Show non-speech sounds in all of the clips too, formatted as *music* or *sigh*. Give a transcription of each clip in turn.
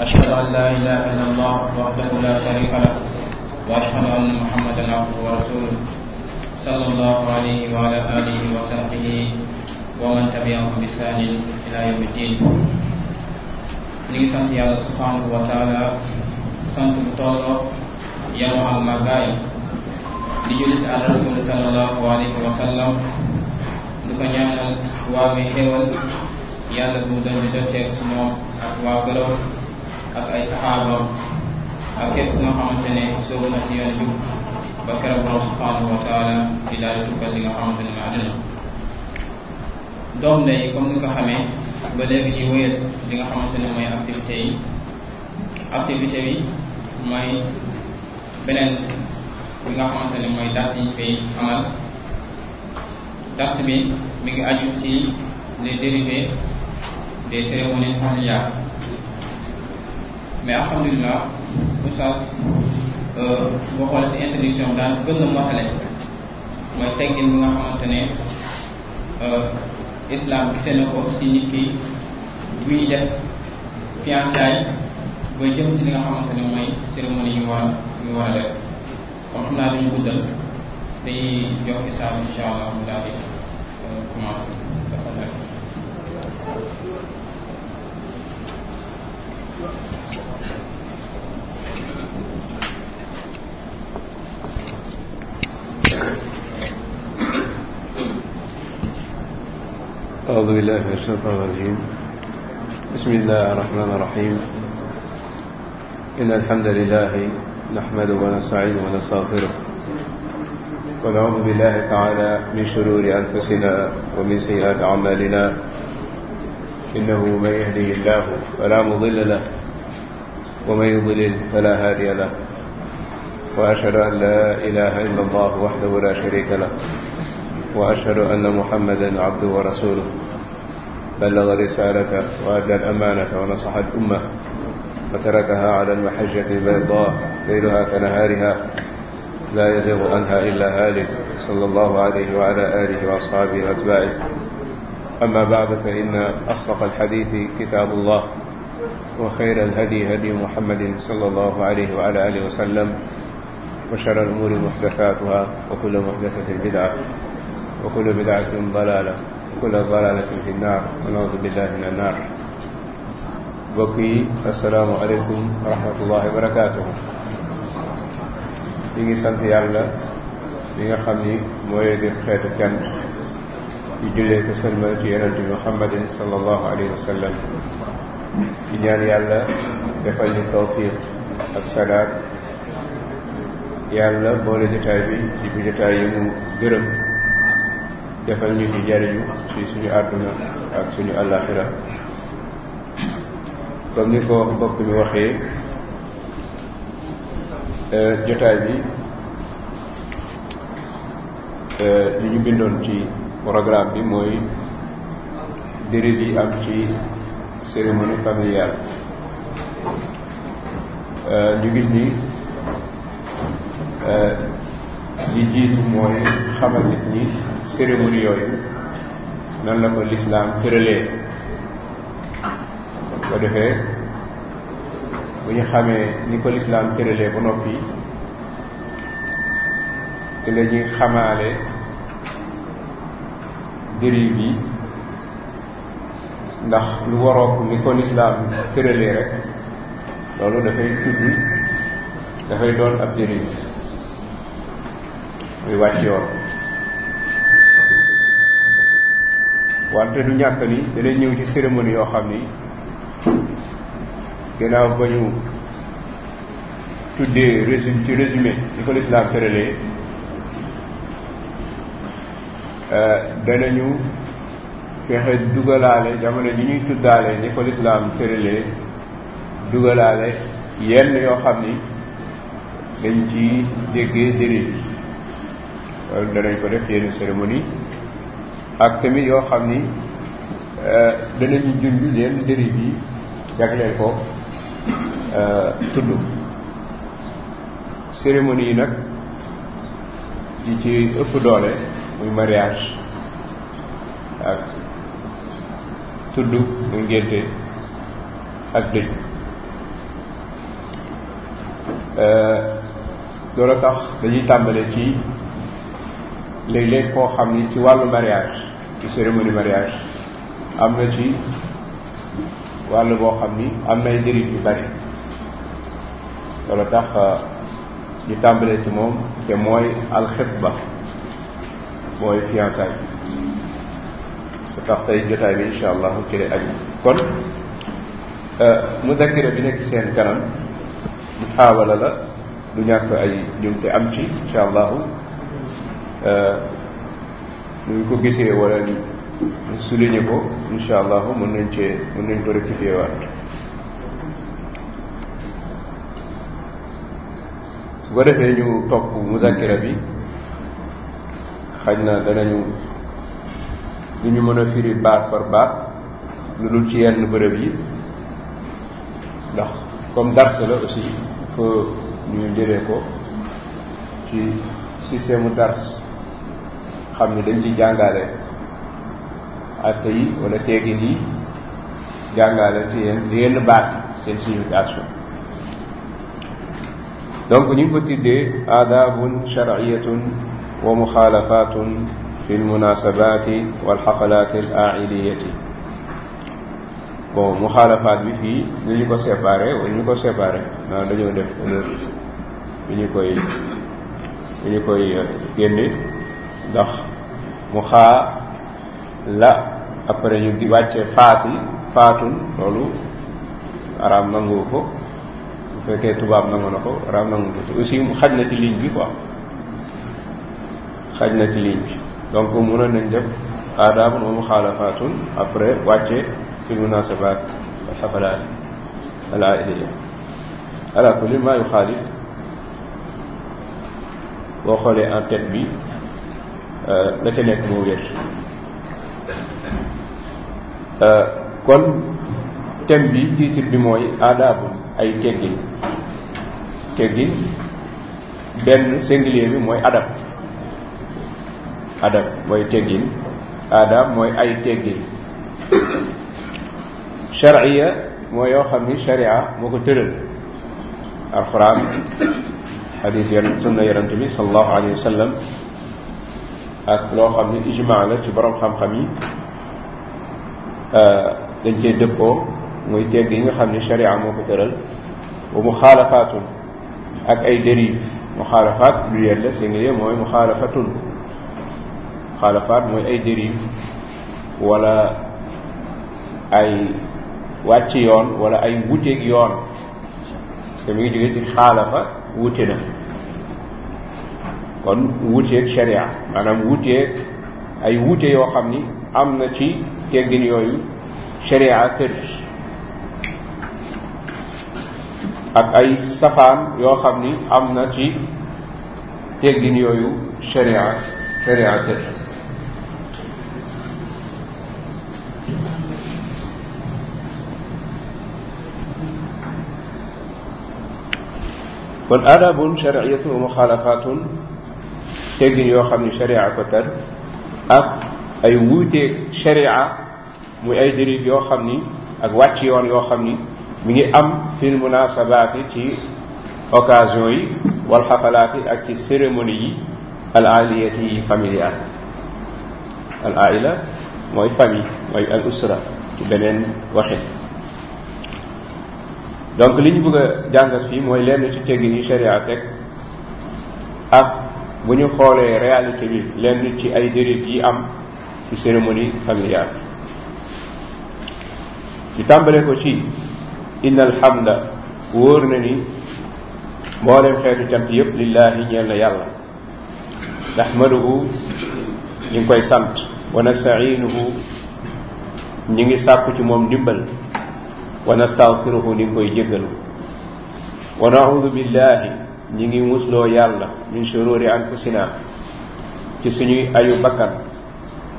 أشهد أن لا إله إلا الله وحده لا شريك له وأشهد أن محمدا عبده ورسوله صلى الله عليه وعلى آله وصحبه ومن تبعهم بإحسان إلى يوم الدين ñu ngi sant yàlla subhanahu wa taala sant bu tolloo yamu ak màggaayam di julli si àl rasul sallallahu alayhi wa sallam du ko ñaanal waa mi xéewal yàlla bu mu doon ñu dotteeg ak waa gërëm ak ay saxaabaam ak képp nga xamante ne soobu na ci yoon jub ba keroog borom subhanahu wa taala di daal tukkal li nga xamante doom day comme ni ko xamee ba léegi ñuy wéyal li nga xamante ne mooy activité bi mooy beneen bi nga xamante ne mooy dars yi fay mi ngi aju ci les des cérémonies familiales mais alhamdulilah oustaz euh, boo xoolee si introduction daal gën na matale mooy teggin bi nga xamante ne euh, gisee na ko si nit ki buy def fiançailles ba jëm si li nga xamante ne mooy cérémonie yu war yu war a def xam naa dañu guddal dañuy jox isaab incha allah mu daal di euh, commencé أعوذ بالله من الشيطان الرجيم بسم الله الرحمن الرحيم إن الحمد لله نحمده ونستعينه ونستغفره ونعوذ بالله تعالى من شرور أنفسنا ومن سيئات أعمالنا إنه من يهديه الله فلا مضل له ومن يضلل فلا هادي له وأشهد أن لا إله إلا الله وحده لا شريك له وأشهد أن محمدا عبده ورسوله بلغ رسالته وأدى الأمانة ونصح الأمة وتركها على المحجة البيضاء ليلها كنهارها لا يزغ عنها إلا هالك صلى الله عليه وعلى آله وأصحابه وأتباعه أما بعد فإن أصدق الحديث كتاب الله وخير الهدي هدي محمد صلى الله عليه وعلى آله وسلم وشر الأمور محدثاتها وكل محدثة بدعة وكل بدعة ضلالة وكل ضلالة في النار ونعوذ بالله من النار bokki assalaamu aleykum wa rahmatullahi wa barakaatuhu ñu ngi sant yàlla li nga xam ni mooy di xeetu kenn di jullee ko sëlmal ci yonent bi muhammadin sallallahu alayhi wa sallam di ñaan yàlla defal ñu tawfiq ak salaat yàlla boole jotaay bi ci bi jotaay yi mu gërëm defal ñu ci jariñu ci suñu àdduna ak suñu àllaaxira comme ni ko mbokk mi waxee euh, jotaay bi euh, li ñu bindoon ci programme bi mooy déret yi am ci cérémonie familiale euh, ñu gis ni euh, li jiitu mooy xamal nit ñi cérémonie yooyu nan la ko lislaam tëralee ko defee bu ñu xamee ni ko lislaam tëralee ba noppi te la xamaale dérive yi ndax lu warook ni ko lislaam rek loolu dafay tudd dafay doon ab dérive muy wàcc yoon wante lu ñàkk ni dinañ ñëw ci cérémonie yoo xam ni gannaaw ba ñu tuddee résumé ci résumé ni ko lislaam Euh, danañu fexe dugalaale jamono ji ñuy tuddaale ni ko lislaam tëralee dugalaale yenn yoo xam ni dañ ci déggee jëriñ loolu danañ ko def yenn cérémonie ak tamit yoo xam ni euh, danañu junj yenn jëriñ yi jagleel ko euh, tudd cérémonie yi nag yi ci ëpp doole muy mariage ak tudd muy ngénte ak dëj eh, loolu tax dañuy tàmbale ci léeg-léeg koo xam ni ci wàllu mariage ci cérémonie mariage am na ci wàll boo xam ni am nay njëriñ yu bari loolu tax eh, ñu tàmbale ci moom te mooy alxitba mooy fiançaay su tax tey jotaay bi insha allah ci aju kon euh, muzakira bi nekk seen kanam muxaawala la du ñàkk ay jumte am ci insha allahu euh, ñu ko gisee wala souligné ko insha allahu mën nañ cee mën nañ ko rectifié waat bu ko defee ñu topp muzakira bi xaj na danañu lu ñu mën a firi baax par baat lu dul ci yenn bërëb yi ndax comme dars la aussi fa ñu jële ko ci système dars xam ni dañ ci jàngale atte yi wala teegin yi jàngale ci yenn yenn baat yi seen signification donc ñu ngi ko tuddee aadabun shar'iyatun wa muxaalafaatun fi lmunaasabaati walxafalaati al aidiyati bon muxaalafaat bi fii li ñu ko séparé wala ñu ko séparé waaw dañoo def erreur bi ñu koy bi ñu koy euh, génne ndax mu xaa la après ñu di wàcce faati faatun loolu araam nangu ko bu fekkee tubaab nangu na ko araam nangu ko aussi mu xaj na ci bi quoi xaj na ci ligne bi donc mënoon nañ def aadaabun wa muxaalafaatun après wàcce fi munaasabaat alxafalaat al aaidiya ala boo xoolee en tête bi la ca nekk moo wér kon thème bi titre bi mooy aadaabu ay teggin teggin benn singulier bi mooy adab adab mooy teggin adab mooy ay teggin charia mooy yoo xam ni charia moo ko tëral alquran xadis yon sunna yonent bi sallallahu alayhi wa sallam ak loo xam ni ijma la ci borom xam-xam yi dañ cee dëppoo muy tegg yi nga xam ni charia moo ko tëral wa muxaalafatun ak ay dérive muxaalafaat lu yella singulier mooy muxaalafatun muxaalafaat mooy ay dérive wala ay wàcc yoon wala ay wuteeg yoon parce que mi ngi jógee ci xaalafa wute na kon wuteeg sharia maanaam wuteeg ay wute yoo xam ni am na ci teggin yooyu sharia tër ak ay safaan yoo xam ni am na ci teggin yooyu sharia sharia tër kon adabun shariyatu muxaalafaatun teggin yoo xam ne sharia ko ter ak ay wuuteeg sharia muy ay dérive yoo xam ni ak wàcc yoon yoo xam ni mu ngi am fil munasabaati ci occasion yi wal xafalaati ak ci cérémonie yi al aliyati yi familiale al aila mooy famille mooy al usra ci beneen waxin donc li ñu bëgg a jàngat fii mooy lenn ci teggin yi sharia teg ak bu ñu xoolee réalité bi lenn ci ay dérives yi am ci cérémonie familiale ñu tàmbale ko ci inna alhamda wóor na ni mboolem xeetu cant yépp lillaahi ñeel na yàlla nahmaduhu ñu ngi koy sant wa nasta'inuhu ñu ngi sàkku ci moom ndimbal ونستغفره نكوي جغل ونعوذ بالله نيغي مسلو يالا من شرور أنفسنا تسني أي بكر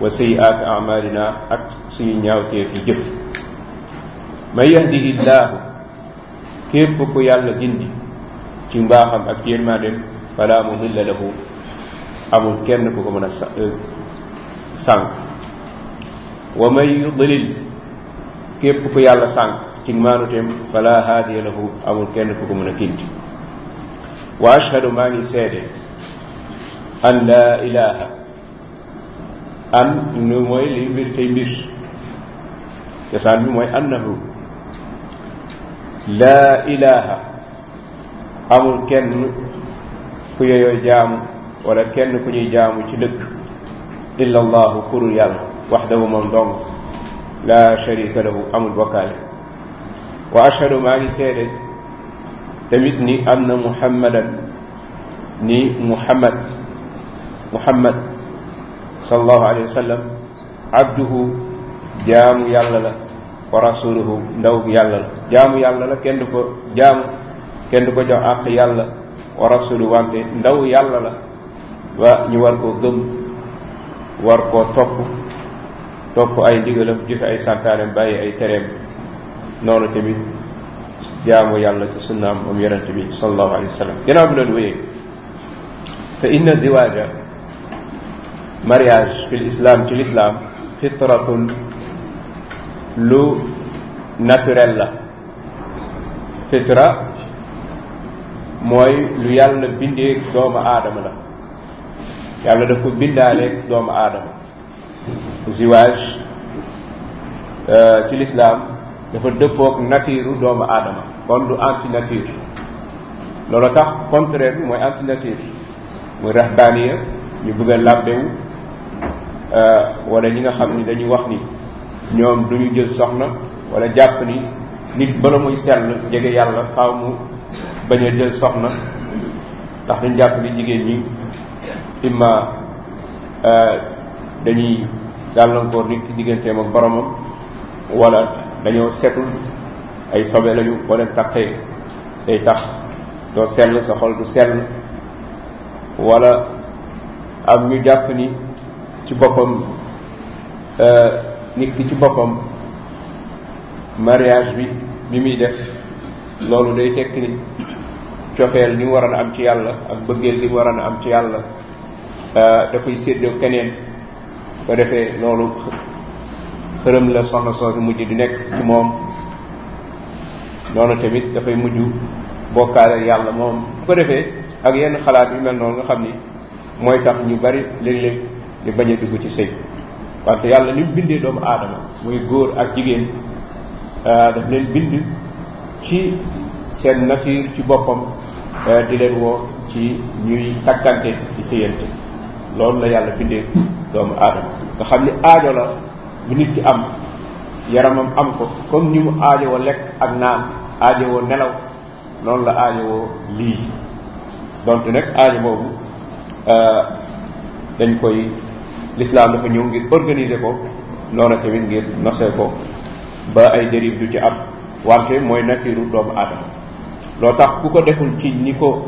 وسيئات أعمالنا أكسي نياوتي في جف من يهده الله كيف كو يالا جندي ci mbaaxam ak yërmandeem fala mudilla lahu amul kenn ku ko mën a sànq wa may yudlil képp ku yàlla sànq ci maanuteem fala haadiya lahu amul kenn ku ko mën a gindi wa ashhadu maa ngi seede an laa ilaha an nu mooy liy mbir tey mbir cosaan bi mooy annahu laa ilaha amul kenn ku yeyoo jaamu wala kenn ku ñuy jaamu ci dëkk illa allahu kurul yàlla waxdahu moom dong laa sharika lahu amul bokkaale wa ashhadu maa ngi seede tamit ni am na muhammadan ni muhammad muhammad sallallahu alayhi wa sallam abduhu jaamu yàlla la wa rasuluhu ndaw yàlla la jaamu yàlla la kenn du ko kenn du ko jox yàlla wa rasuluhu wante ndaw yàlla la wa ñu war koo gëm war koo topp ay ndigalam jëfe ay santaanem bàyyi ay tereem noonu tamit yàlla ci sunnaam moom yonente bi sallallahu alayhi wa sallam ginnaaw bi loolu ziwaaja mariage fi lislaam ci lislaam fitratun lu naturel la fitra mooy lu yàlla bindee doomu aadama la yàlla daf ko bindaaleeg doomu aadama ziwaaj euh, ci lislaam dafa dëppook nature doomu aadama kon du anti loolu tax contraire bi mooy anti nature muy rahbaaniya ñu bëgg a làbbewu euh, walla ñi nga xam ni dañuy wax ni ñoom du ñu jël soxna wala jàpp ni nit bala muy sell jege yàlla faaw mu bañ a jël soxna ndax dañu jàpp ni jigéen ñi imma euh, dañuy gàllankoor nit ci digganteem ak boromam wala dañoo setul ay sobe lañu boo leen taqee day tax doo sell sa xol du sell wala am ñu jàpp ni ci boppam euh, nit ki ci boppam mariage bi bi muy def loolu day tekki ni cofeel li mu waroon am ci yàlla ak bëggeel di mu waroon a am ci yàlla euh, da koy séddoo keneen ko defee loolu xërëm la soxna soosu mujj di nekk ci moom noonu tamit dafay mujj bokkaale yàlla moom bu ko defee ak yenn xalaat yu mel noonu nga xam ni mooy tax ñu bari léeg-léeg ñu bañ a dugg ci sëy wante yàlla li mu bindee doomu aadama muy góor ak jigéen ah, daf leen bind ci seen nature ci boppam ah, di leen woo ci ñuy takkante ci sëyante loolu la yàlla bindee doomu aadama nga xam ni aajo la bu nit ki am yaramam am ko comme ni mu aajowoo lekk ak naan aajowoo nelaw noonu la aajowoo lii donte nag aajo boobu euh, dañ koy l'islam dafa ñëw ngir organiser ko noonu tamit ngir nosee ko ba ay dérive du ci am wante mooy nature doomu aadama loo tax ku ko deful ci ni ko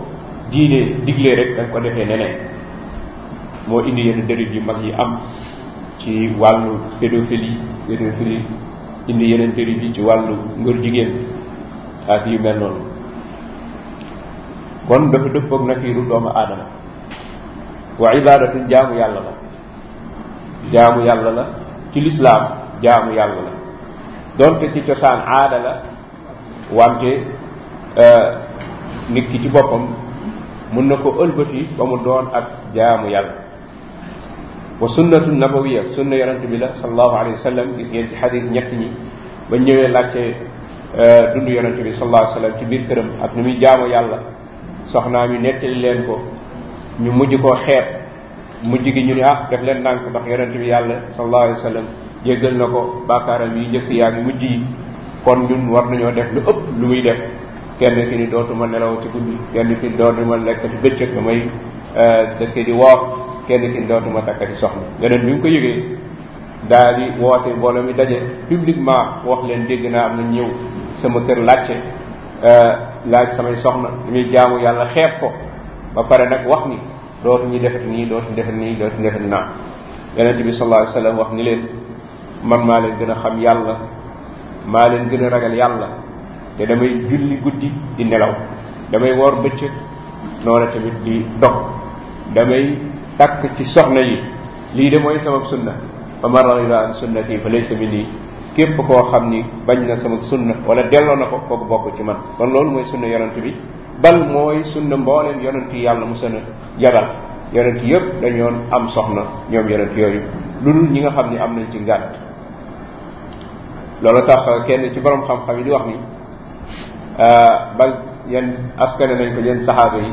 diine diglee rek danga ko defee neneen moo indi yenn dérive yu mag yi am ci wàllu pédophilie pédophilie indi yeneen péri bi ci wàllu ngër jigéen ak yu mel noonu kon dafa dëppoog nakiiru doomu aadama wa ibadatun jaamu yàlla la jaamu yàlla la ci lislaam jaamu yàlla la donte ci cosaan aada wante euh, nit ki ci boppam mun na ko ëlbati ba mu doon ak jaamu yàlla wa sunnatu nabawiya sunna yonent bi la sallallahu alayhi wa sallam gis ngeen ci xadis ñett ñi ba ñëwee laajte euh, dund yonent bi sallallahu alayhi wa ci biir këram ak nu muy jaamu yàlla soxnaa mi nekk leen ko ñu mujj koo xeet mujj gi ñu ne ah def leen ndànk ndax yonent bi yàlla sallallahu alayhi wa jéggal na ko baakaaram yi njëkk yaa ngi mujj yi kon ñun war nañoo def lu ëpp lu muy def kenn ki ni dootuma nelaw ci guddi kenn ki dootuma lekk ci bëccëg damay euh, dëkk di woor kenn ki dootuma takkati soxna yonent bi mu ko yëgee daal di woote mbooloo mi daje publiquement wax leen dégg naa am na ñëw sama kër laajte euh, laaj samay soxna li muy jaamu yàlla xeeb ko ba pare nag wax ni dootuñu defet nii dootuñu defet nii dootuñu defet naa yonent bi sallallahu alayhi wasallam wax ni leen man maa leen gën a xam yàlla maa leen gën a ragal yàlla te damay julli guddi di nelaw damay bëccëg noonu tamit di dog damay takk ci soxna yi lii de mooy sama sunna fa man raghiba an sunnati fa laysa minni képp koo xam ni bañ na sama sunna wala delloo na ko kooku bokk ci man kon loolu mooy sunna yonent bi bal mooy sunna mbooleem yonent yi yàlla mu sën a yabal yonent yëpp dañoon am soxna ñoom yonent yooyu lu dul ñi nga xam ni am nañ ci ngàtt loolu tax kenn ci boroom xam-xam yi di wax ni euh, ba yan askane nañ ko yéen saxaaba yi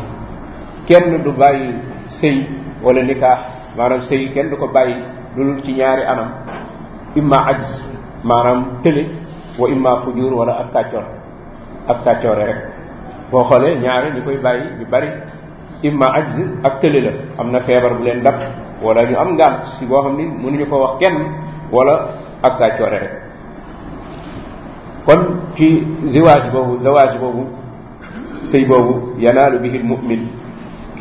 kenn du bàyyi sëy wala nikaax maanaam sëy kenn du ko bàyyi lu ci ñaari anam imma ajz maanaam tële wa imma fujur wala ak kàccoor ak kàccoore rek boo xoolee ñaari ñu koy bàyyi ñu bari imma ajz ak tële la am na feebar bu leen dab walla ñu am ngànt si boo xam ni mënuñu ko wax kenn wala ak kàccoore rek kon ci ziwaaj boobu zawaaj boobu sëy boobu yanaalu bihi l mu'min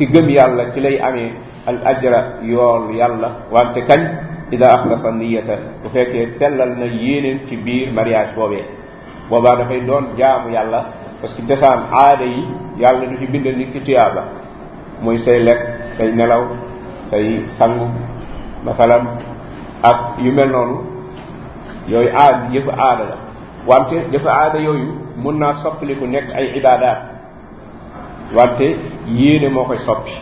ki gëm yàlla ci lay amee al ajra yool yàlla wante kañ ida axlasa niyata bu fekkee sellal na yéenéem ci biir mariage boobee boobaa dafay doon jaamu yàlla parce que desaan aada yi yàlla du ci bindal nit ki tuyaaba muy say lekk say nelaw say sangu masalan ak yu mel noonu yooyu aada yëpp aada la wante dafa aada yooyu mun naa soppaliku nekk ay ibaadaat wante yéene moo koy soppi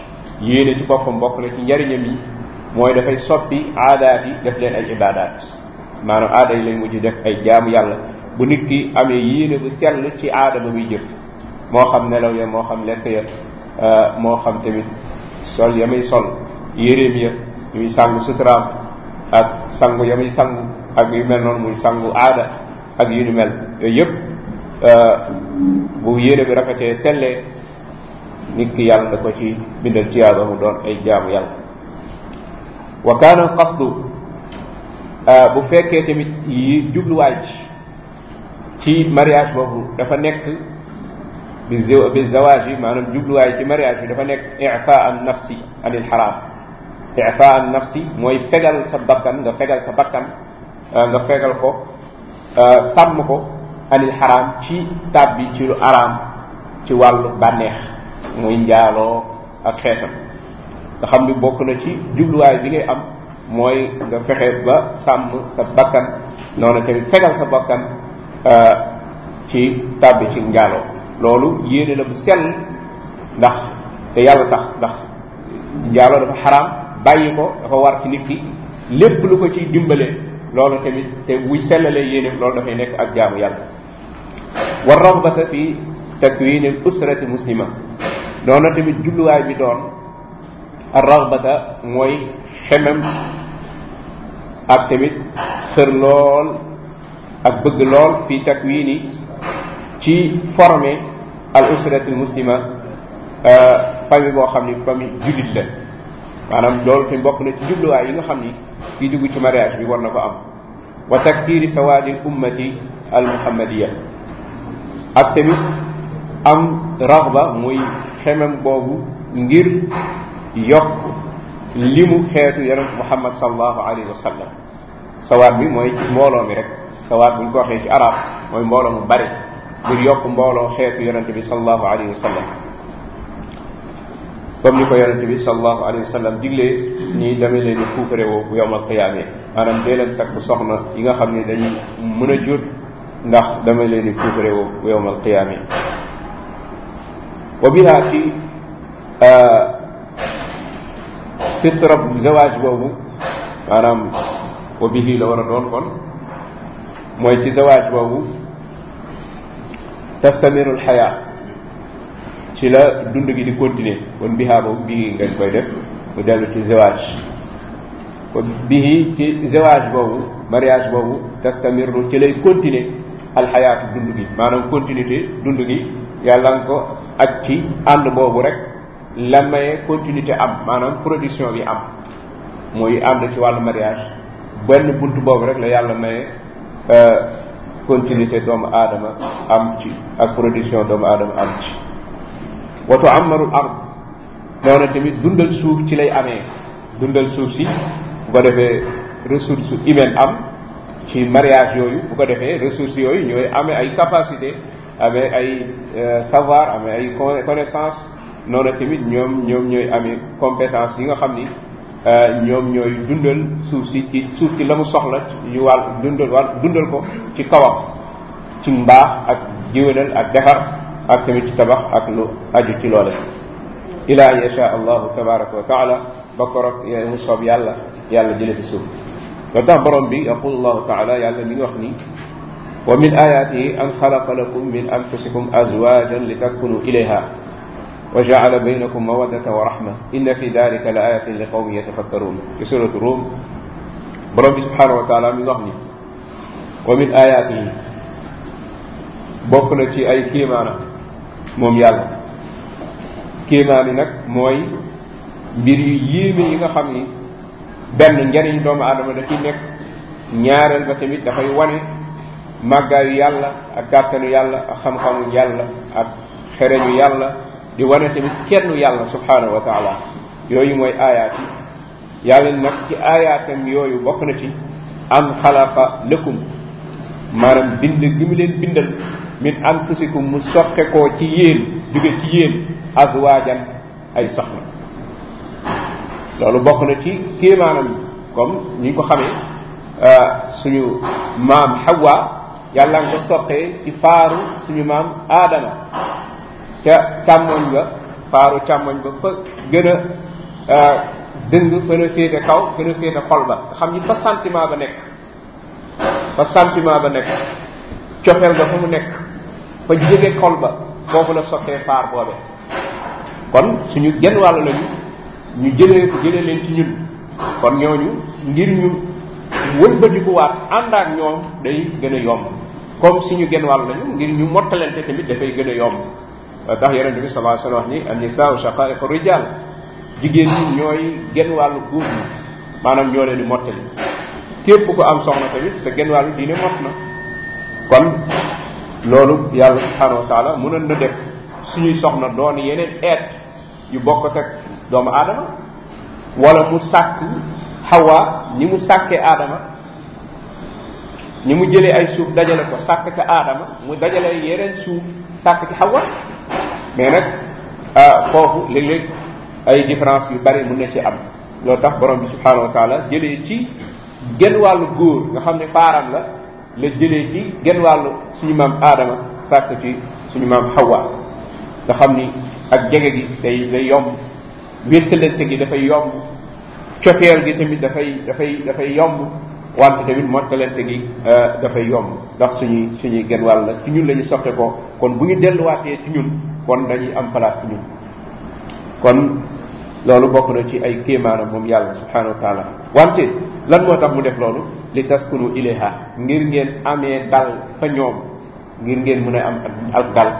yéene ci boppam bokk na ci njariñam yi mooy dafay soppi aadaat yi def leen ay ibaadaat maanaam aada yi lañ mujj def ay jaamu yàlla bu nit ki amee yéene bu sell ci aada ba muy jëf moo xam nelaw ya moo xam lekk ya euh, moo xam tamit sol ya muy sol yéreem ya muy sangu suturaam ak sangu ya muy sangu ak yu mel noonu muy sangu aada ak yu ni mel yooyu yëpp euh, bu yére bi rafetee sellee nit ki yàlla da ko ci bindal ci yàlla mu doon ay jaamu yàlla wa kaana qasdu ah, bu fekkee tamit yi jubluwaay ci ci mariage boobu dafa nekk bi bi zawaaj yi maanaam jubluwaay ci mariage bi dafa nekk i'faa an nafsi anil xaraam i'faa an nafsi mooy fegal sa bakkan nga fegal sa bakkan ah, nga fegal ko ah, sàmm ko anil xaraam ci tab bi ci lu araam ci wàllu bànneex muy njaaloo ak xeetam nga xam ni bokk na ci jubluwaay bi ngay am mooy nga fexe ba sàmm sa bakkan noonu tamit fegal sa bakkan euh, ci tàbbi ci njaaloo loolu yéene la bu sell ndax te yàlla tax ndax njaaloo dafa xaraam bàyyi ko dafa war ci nit ki lépp lu ko ciy dimbale loolu tamit te buy sellalee yéene loolu dafay nekk ak jaamu yàlla war ragbata fi takwini usrati muslima noonu tamit jubluwaay bi doon ar-raghbata mooy xemem ak tamit xër lool ak bëgg lool fii takwini ci former al usratul muslima euh, famille boo xam ni famille jullit la maanaam loolu tamit bokk na ci jubluwaay yi nga xam ni kii dugg ci mariage bi war na ko am wa taksiri sawaadil ummati al muhammadiya ak tamit am raghba muy xemem boobu ngir yokk limu xeetu yonent muhammad sallallahu alayhi wa sallam sawaat bi mooy mbooloo mi rek sawaat buñ ci arab mooy mbooloo mu bari ngir yokk mbooloo xeetu yonent bi sallallahu alayhi wa sallam comme ni ko yonent bi sallallahu alayhi wa sallam diglee nii damay leen di puukare woo bu yowmal qiyaamee maanaam dee leen takk soxna yi nga xam ne dañuy mën a jur ndax damay leen di puukare woo bu yowmal qiyaamee wa biha ci ah, fitra zawaaj boobu maanaam wa bihi la war a mooy ci zawaaj boobu tastamirul xayaa ci la dund gi di continuer kon biha boobu bihi ngañ koy def mu dellu ci zawaaj kon bihi ci zawaaj boobu mariage boobu tastamiru ci lay continuer alxayaatu dund gi maanaam continuité dund gi yàlla nga ko ak ci ànd boobu rek la maye continuité am maanaam production bi am muy ànd ci wàllu mariage benn bunt boobu rek la yàlla maye euh, continuité doomu aadama am ci ak production doomu aadama am ci am amarul ard noonu tamit dundal suuf ci lay amee dundal suuf si bu ko defee ressource humaine am ci mariage yooyu bu ko defee ressource yooyu ñooy amee ay capacité amee ay euh, savoir amee ay connaissance noonu tamit ñoom ñoom ñooy amee compétence yi nga xam ni euh, ñoom ñooy dundal suuf si ci suuf la mu soxla yu wàll dundal wàll dundal ko ci kawam ci mbaax ak jiwénal ak defar ak tamit ci tabax ak lu aju ci loole ilaa yasha allahu tabaraka wa taala ba korog mu soob yàlla yàlla jële fi suuf loo tax borom bi yaqul allahu taala yàlla mi wax ni wa min ayaatihi an xalaqa lakum min anfusikum azwaajan li taskunu ilayha wa jaala baynakum mawaddata wa rahma inna fi dalika la ayatin li qawmin yatafakkaruun ci suratu Rum borom bi subhaanahu wa taala mi wax ni wa min ayaatihi bokk na ci ay kiimaana moom yàlla kiimaan yi nag mooy mbir yu yéeme yi nga xam ni benn njariñ doomu aadama da ciy nekk ñaareel ba tamit dafay wane màggaayu yàlla ak gàttanu yàlla ak xam-xamu yàlla ak xereñu yàlla di wane tamit kennu yàlla subhaanahu wa taala yooyu mooy aayaat yi yàlla nag ci aayaatam yooyu bokk na ci an xalaqa lëkkum maanaam bind gi mu leen bindal min anfusikum mu soqe koo ci yéen jóge ci yéen azwaajan ay soxna loolu bokk na ci kéemaanam comme ni ñu ko xamee ah, suñu maam Hawa yàlla nga ko soqee ci faaru suñu maam aadama ca càmmoñ ba faaru càmmoñ ba fa gën a euh, dëng fa la féete kaw gën a féete xol ba xam ni fa sentiment ba nekk fa sentiment ba nekk cofeel ba fa mu nekk fa jóge xol ba foofu la soqee faar boobe kon suñu genn wàll lañu ñu jëlee ko jëlee leen ci ñun kon ñooñu ngir ñu wëlbatikuwaat ànd ak ñoom day gën a yomb comme suñu genn wàll lañu ngir ñu mottalante tamit dafay gën a yomb tax yonent bi sallallahu alayhi wasallam wax ni an-nisaa'u shaqaa'iqu rijaal jigéen ñi ñooy genn wàllu góor maanaam ñoo leen di mottali képp ku am soxna tamit sa genn wàllu diine mot na kon loolu yàlla subhaanahu wa taala mënoon na def suñuy soxna doon yeneen eet yu bokk ak doomu aadama wala mu sàkk xawaa ni mu sàkkee aadama ñu mu jëlee ay suuf dajale ko sàkk ca aadama mu dajale yeneen suuf sàkk ci xawa mais nag ah, foofu léeg-léeg ay différence yu bari mën na ci am loolu tax borom bi subhaanahu wa taala jëlee ci genn wàllu góor nga xam ne faaram la la jëlee ci genn wàllu suñu maam aadama sàkk ci suñu maam xawa nga xam ni ak jege gi day day yomb wéttalante gi dafay yomb cofeel gi tamit dafay dafay dafay yomb wante tamit mottalante gi euh, dafay yomb ndax suñuy suñuy genn wàll la ci ñun la ñu soqe ko kon bu ñu delluwaatee ci ñun kon dañuy am place ci ñun kon loolu bokk na ci ay kéemaanam moom yàlla subhanahu wa wante lan moo tax mu def loolu li tas taskunu ilayha ngir ngeen amee dal fa ñoom ngir ngeen mun a am ak dal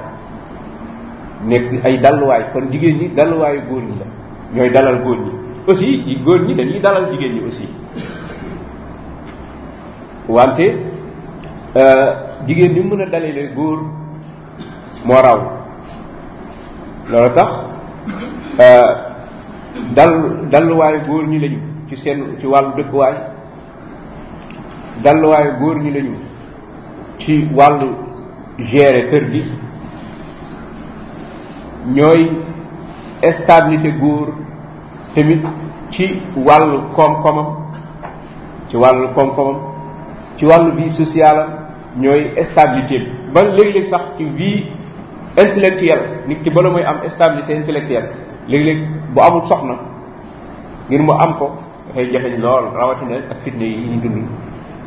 nekk ay dalluwaay kon jigéen ñi dalluwaayu góor ñi la ñooy dalal góor ñi aussi góor ñi dañuy dalal jigéen ñi aussi wante euh, jigéen ñi mën a dalale góor moo raw loolu tax euh, dal dalluwaayu góor ñi lañu ci seen ci wàllu dëkkuwaay dalluwaayu góor ñi lañu ci wàllu gérer kër gi ñooy stabilité góor tamit ci wàllu koom-koomam ci wàllu koom-koomam ci wàllu vie social ñooy stabilité bi ba léeg-léeg sax ci vie intellectuelle nit ki bala mooy am stabilité intellectuelle léeg-léeg bu amul soxna ngir mu am ko dafay jafe lool rawatina ak fitne yi ñuy dund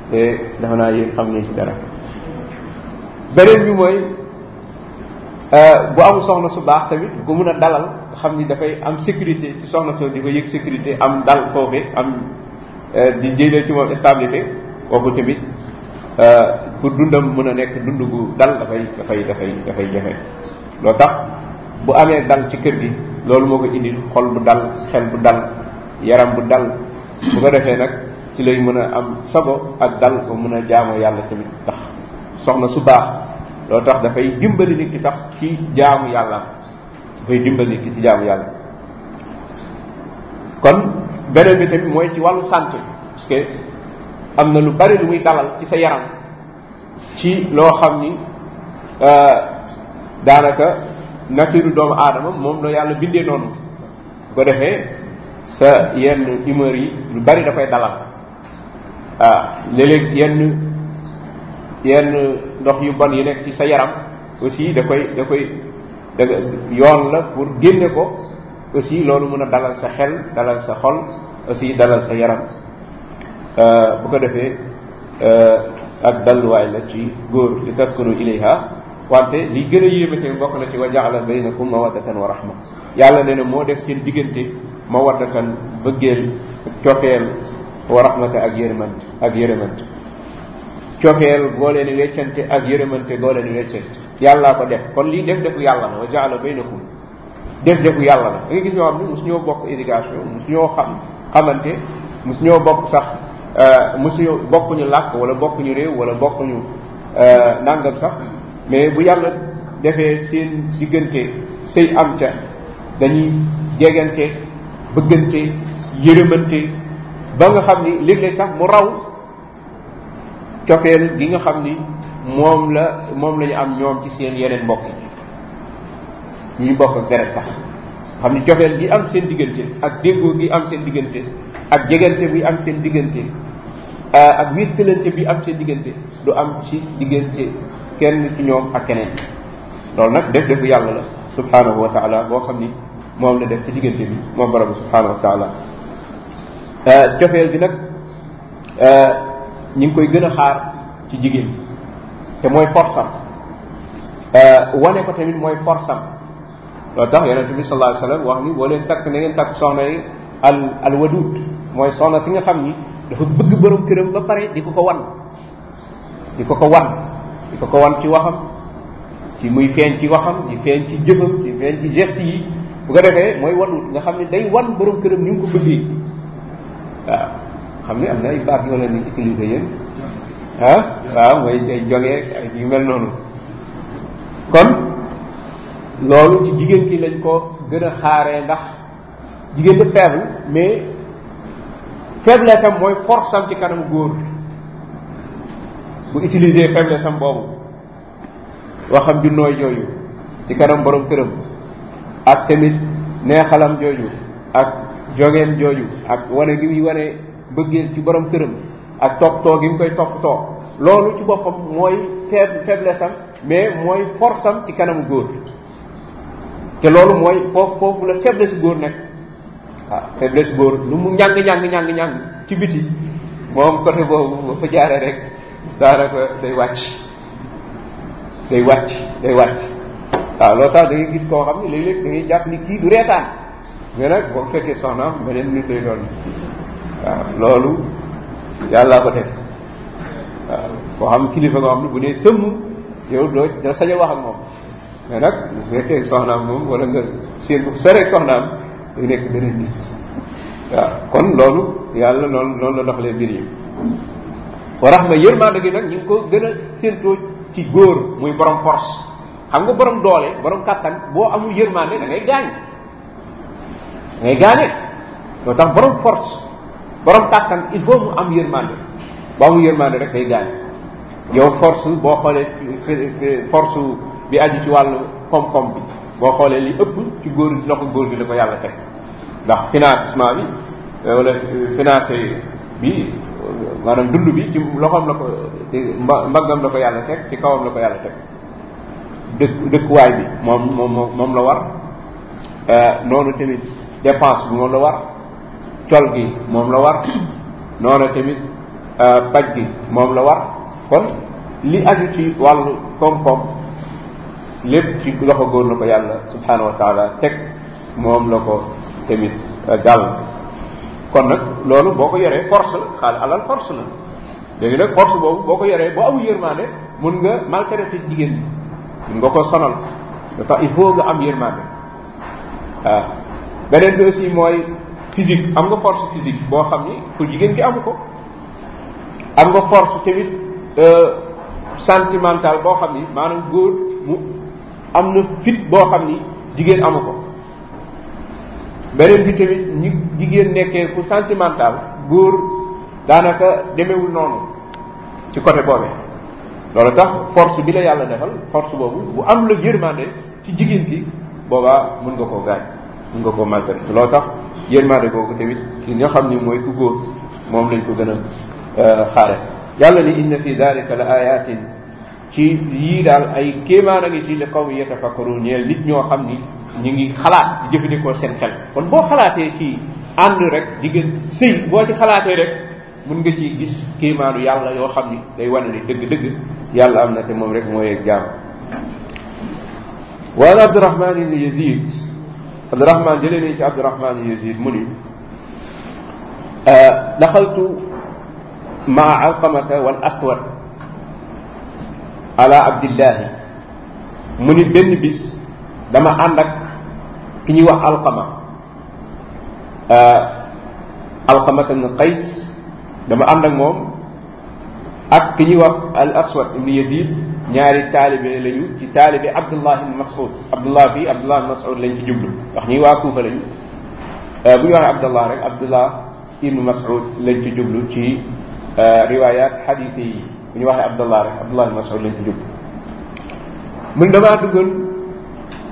te dafa naa yéen xam ngeen si dara beneen bi mooy euh, bu amul soxna su baax tamit bu mun a dalal xam ni dafay am sécurité ci soxna soo di ko yëg sécurité am dal foofee am euh, di jëlee ci moom stabilité kooku tamit pour euh, dundam mun a nekk dund bu dal dafay dafay dafay dafay jafe loo tax bu amee dal ci kër gi loolu moo ko indi xol bu dal xel bu dal yaram bu dal bu ko defee nag ci lay mën a am sago ak dal ba mën a jaamoo yàlla tamit tax soxna su baax loo tax dafay dimbali nit ki sax ci jaamu yàlla dafay dimbali nit ki ci jaamu yàlla kon beneen bi tamit mooy ci wàllu sant parce am na lu bari lu muy dalal ci sa yaram ci loo xam ni euh, daanaka nature doomu aadama moom la yàlla bindee noonu bu ko defee sa yenn humeur yi lu bari dafay koy dalal ah léeg-léeg yenn yenn ndox yu bon yu nekk ci sa yaram aussi da koy da koy da yoon la pour génne ko aussi loolu mën a dalal sa xel dalal sa xol aussi dalal sa yaram Euh, bu ko defee euh, ak dalluwaay la ci góor li taskunu ilayha wante li gën a yéeme tamit bokk na ci wa jaala ma mawaddatan wa rahma yàlla nee na moo def seen diggante mawaddatan bëggeel cofeel wa rahmata ak yërëmante ak yërëmante cofeel goo leen weccante ak yërëmante goo leen weccante yàllaa ko def kon lii def defu yàlla la wa jaala baynakum def defu yàlla la da nga gis ñoo xam ne mosu ñoo bokk éducation mosu ñoo xam xamante mosu ñoo bokk sax Euh, mosuñu bokkuñu làkk wala bokkuñu réew wala bokkuñu euh, nàngam sax mais bu yàlla defee seen diggante sëy am ca dañuy jegante bëggante yërëmante ba nga xam ni léeg-léeg sax mu raw cofeel gi nga xam ni moom la moom lañu am ñoom ci seen yeneen mbokk yi ñu bokk ak deret sax xam ne cofeel gi am seen diggante ak déggoo gi am seen diggante ak jegante bi am seen diggante ak wéttalante bi am seen diggante du am ci diggante kenn ci ñoom ak keneen loolu nag def defu yàlla la subhanahu wa boo xam ni moom la def ci diggante bi moom borom bi subhanahu wa taala cofeel bi nag ñu ngi koy gën a xaar ci jigéen te mooy force am wane ko tamit mooy force am loo tax yonent bi sallallahu alayhi wasallam wax ni boo leen takk na ngeen takk soxna yi al al wadud mooy soxna si nga xam ni dafa bëgg borom këram ba pare di ko ko wan di ko ko wan di ko ko wan ci waxam ci muy feeñ ci waxam di feeñ ci jëfam di feeñ ci gestes yi bu ko defee mooy wadud nga xam ni day wan borom këram ni mu ko bëggee waaw xam ni am na ay baat yoo leen di utiliser yéen ah waaw mooy ay mel noonu kon loolu ci jigéen ki lañ ko gën a xaaree ndax jigéen de faible mais faiblesse mooy force am ci kanamu góor bu utiliser faiblesse am boobu waxam ju nooy jooju ci kanam borom këram ak tamit neexalam jooju ak jogeem jooju ak wane gi wane bëggeel ci borom këram ak toppatoo gi mu koy toppatoo loolu ci boppam mooy faiblesse am mais mooy force am ci kanamu góor te loolu mooy foofu foofu la faiblesse góor nekk waaw ah, góor lu mu ñàng ñàng ñàng ci biti moom côté boobu ba fa jaaree rek daanaka day wàcc day wàcc day wàcc ah, loolu tax da gis koo xam ne léeg-léeg da ngay jàpp ni kii du reetaan mais nag boo fekkee soxnaam beneen nit lay doon waaw ah, loolu yàlla ko def waaw koo xam kilifa nga xam ne bu dee sëmm yow doo doo sañ moom mais nag bu fekkee soxnaam moom wala nga séen bu soree soxnaam day nekk beneen nit kon loolu yàlla loolu loolu la doxalee mbir yi wa rahma yërmande gi nag ñu ko gën a séentoo ci góor muy borom force xam nga borom doole borom kattan boo amul yërmande da ngay gaañ da ngay gaañee loo tax borom force borom kàttan il faut mu am yërmande boo amul yërmande rek day gaañ yow force boo xoolee force bi aju ci wàllu koom-koom bi boo xoolee li ëpp ci góor gi loxo góor gi la ko yàlla teg ndax financement bi euh, wala euh, financé bi maanaam dund bi ci loxoom la ko mbaggam la ko yàlla teg ci kawam la ko yàlla teg dëkkuwaay bi moom moom moom la war euh, noonu tamit dépense bi moom la war col gi moom la war noonu tamit paj gi moom la war kon li aju ci wàllu koom-koom lépp ci loxo góor la ko yàlla subhaanahu wa taala teg moom la ko tamit euh, gàll kon nag loolu boo ko yoree force xaal alal force la léegi nag force boobu boo ko yoree boo amul yërmande mun nga maltraité jigéen ñi mun nga ko sonal da tax il faut am yërmande waaw beneen bi aussi mooy physique am nga force physique boo xam ni pour jigéen gi amu ko am nga force tamit euh, sentimentale boo xam ni maanaam góor mu am na fit boo xam ni jigéen amu ko beneen bi tamit ñi jigéen nekkee ku sentimental góor daanaka demewul noonu ci côté boobee loolu tax force bi la yàlla defal force boobu bu am la yërmande ci jigéen ki boobaa mën nga koo gaañ mën nga koo maltraité loo tax yërmande googu tamit ki nga xam ni mooy ku góor moom lañ ko gën a euh, xaare yàlla ni inna fi dalika la ayatin ci yii daal ay kéemaan a ngi ci li xaw yatafakkaru ñeel nit ñoo xam ni ñu ngi xalaat di jëfandikoo seen xel kon boo xalaatee ci ànd rek diggante sëy boo ci xalaatee rek mun nga ci gis kéemaanu yàlla yoo xam ni day wane ni dëgg yàlla am na te moom rek mooy jaam waan abdurahman ibn yazid ci abdurahman ibn yazid mu ni daxaltu maa alqamata wal aswad ala abdillahi mu ni benn bis dama ànd ak ki ñuy wax alqama euh, alqamatan qays dama ànd ak moom ak ki ñuy wax al aswad ibn yazid ñaari taalibe lañu ci taalibe abdullah ibn mas'ud abdullah fii abdullah ibn mas'ud lañ ci jublu ndax ñuy waa kuufa lañu euh, bu ñu waxee abdullah rek abdullah ibn mas'ud lañ ci jublu ci euh, riwayat xadiis yi bu ñu waxee abdallah rek abdallah ibn mas'ud lañ ko jub mun damaa duggoon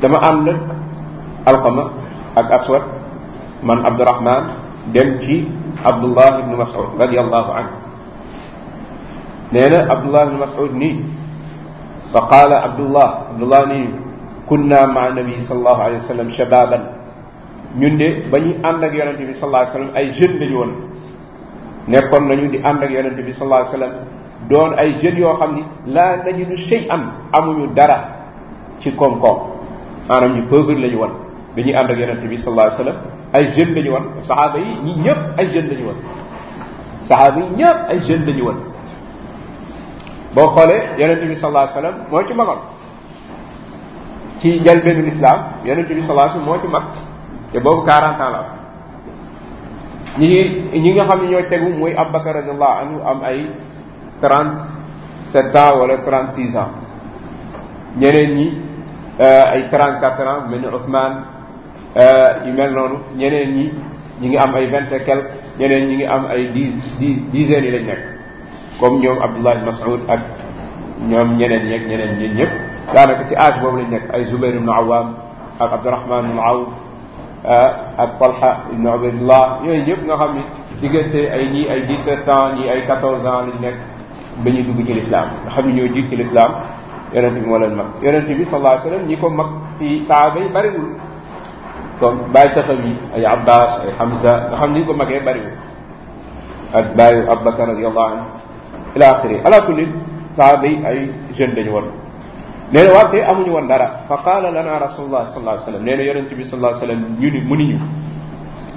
dama ànd ak alqama ak aswad man abdurahman dem ci abdullah ibn mas'ud radiallahu anhu nee na abdullah ibn mas'ud nii fa qaala abdullah abdullah nii kunna maa nabi sallallahu alayhi wa sallam shababan ñun de ba ñuy ànd ak yonente bi sallallahu alayhi wa sallam ay jeunes lañu woon nekkoon nañu di ànd ak yonente bi sallallahu alayhi wa sallam doon ay jeunes yoo xam ni la najidu shay amuñu dara ci koom-koom maanaam ñu pauvre la ñu wan dañuy ànd ak yonente bi sallallahu ay jeunes la ñu wan saxaaba yi ñi ñëpp ay jeunes la ñu wan saxaaba ay jeunes la ñu wan boo xoolee yonente bi sallallahu alayhi moo ci magoon ci njëlbeenu lislaam yonente bi sallallahu alayhi wasallam moo ci mag te boobu 40 ans la ñi ñi nga xam ne ñoo tegu muy Abubakar radiyallahu anhu am ay 37 ans wala 36 ans ñeneen ñi euh, ay 34 ans mel ni Ousmane euh, yu mel noonu ñeneen ñi ñi ngi am ay vingt et quelque ñeneen ñi ngi am ay dix dix dizaines yi lañ nekk comme ñoom Abdullah Mas'ud ak ñoom ñeneen ñeeg ñeneen ñun ñëpp daanaka ci âge boobu lañ nekk ay Zubair ibn Awam ak Abdurrahman ibn Awf euh, ak Talha ibn Ubaydullah yooyu ñëpp nga xam ni diggante ay ñii ay dix-sept ans ñii ay quatorze ans lañ nekk ba ñuy dugg ci lislaam nga xam ne ñoo jiit ci lislaam yonent bi moo leen mag yonent bi sallallahu alayhi wasallam ñi ko mag ci saaba yi bariwul kon bàyyi taxaw yi ay abbas ay hamza nga xam ni ko magee bariwul ak bàyyi abubakar radiyallahu anhu ila axiri ala kulli saaba yi ay jeune dañu woon nee na wante amuñu woon dara fa qaala lana rasulullah sallallahu alayhi wasallam nee na yonent bi sallallahu alayhi wasallam ñu ni mu niñu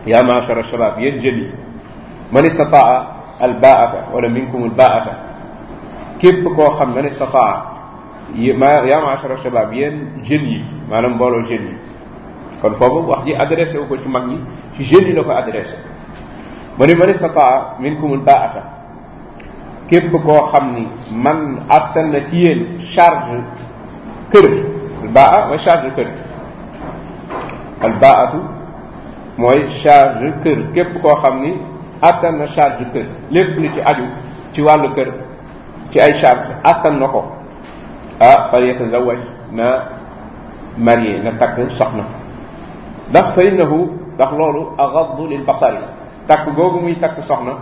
yaa ma'shara shabab yéen jeunes yi man istataa al baata wala minkum al baata képp koo xam ne ne safaa yi ma yaa maachara shabaab yéen jeunes yi maanaam mbooloo jeunes yi kon foofu wax ji adressé wu ko ci mag ñi ci jeunes yi la ko adressé mu ne ma ne safaa minkumul koo xam ni man attan na ci yéen charge kër baa mooy charge kër al baatu mooy képp koo xam ni attan na charge kër lépp lu ci aju ci wàllu kër ci ay charte attan na ko ah fal yatazawaj na marié na takk soxna ndax fa innahu ndax loolu agadu lil basari takk googu muy takk soxna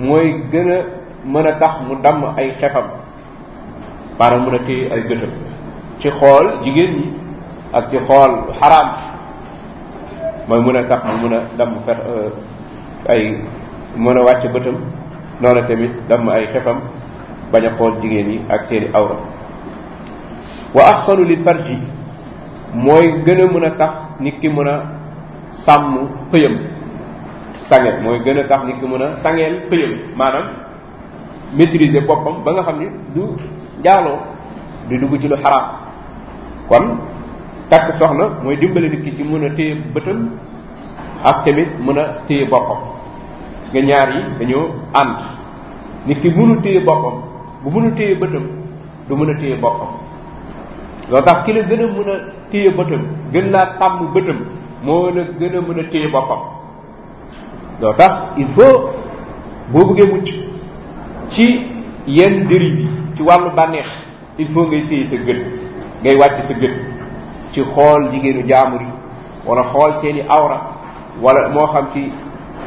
mooy gën a mën a tax mu damm ay xefam maanaam mën a téye ay gëtëm ci xool jigéen ñi ak ci xool xaraam mooy mën a tax mu mën a damm euh, ay mën a wàcc bëtam noonu tamit damm ay xefam bañ xool jigéen yi ak seeni awra wa axsanu lil farji mooy gën a mën a tax nit ki mën a sàmm pëyam sangeel mooy gën a tax nit ki mën a sangeel pëyam maanaam maîtriser boppam ba nga xam ni du njaaloo du dugg ci lu xaraam kon takk soxna mooy dimbale nit ki ci mun a téye bëtam ak tamit mën a téye boppam parce que ñaar yi dañoo ànd nit ki mënu téye boppam bu mënul téye bëtëm du mën a téye boppam loo tax ki la gën a mën a téye bëtam gën laa sàmm bëtam moo la gën a mën a téye boppam loo tax il faut boo bëggee mucc ci yenn dérive yi ci wàllu bànneex il faut ngay téye sa gët ngay wàcc sa gët ci xool jigéenu jaamur yi wala xool seeni awra walla moo xam ci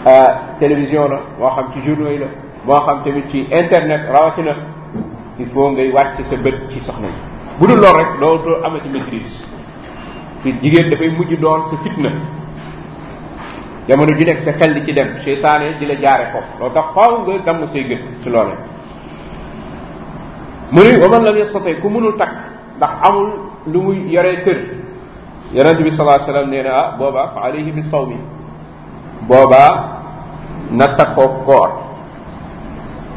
euh, télévision la moo xam ci journaux yi la moo xam tamit ci internet rawatina il faut ngay wàcc sa bët ci soxna bu dul loolu rek doo doo amati maîtrise te jigéen dafay mujj doon sa fitna jamono ju nekk sa xel li ci dem seytaane di la jaare foofu loo tax faaw nga damm say gët ci loolu mu ne waman lam yastati ku mënul takk ndax amul lu muy yoree kër yonent bi salaa sallam nee na ah, boobaa fa alayhi bi sawmi boobaa na takkoo koor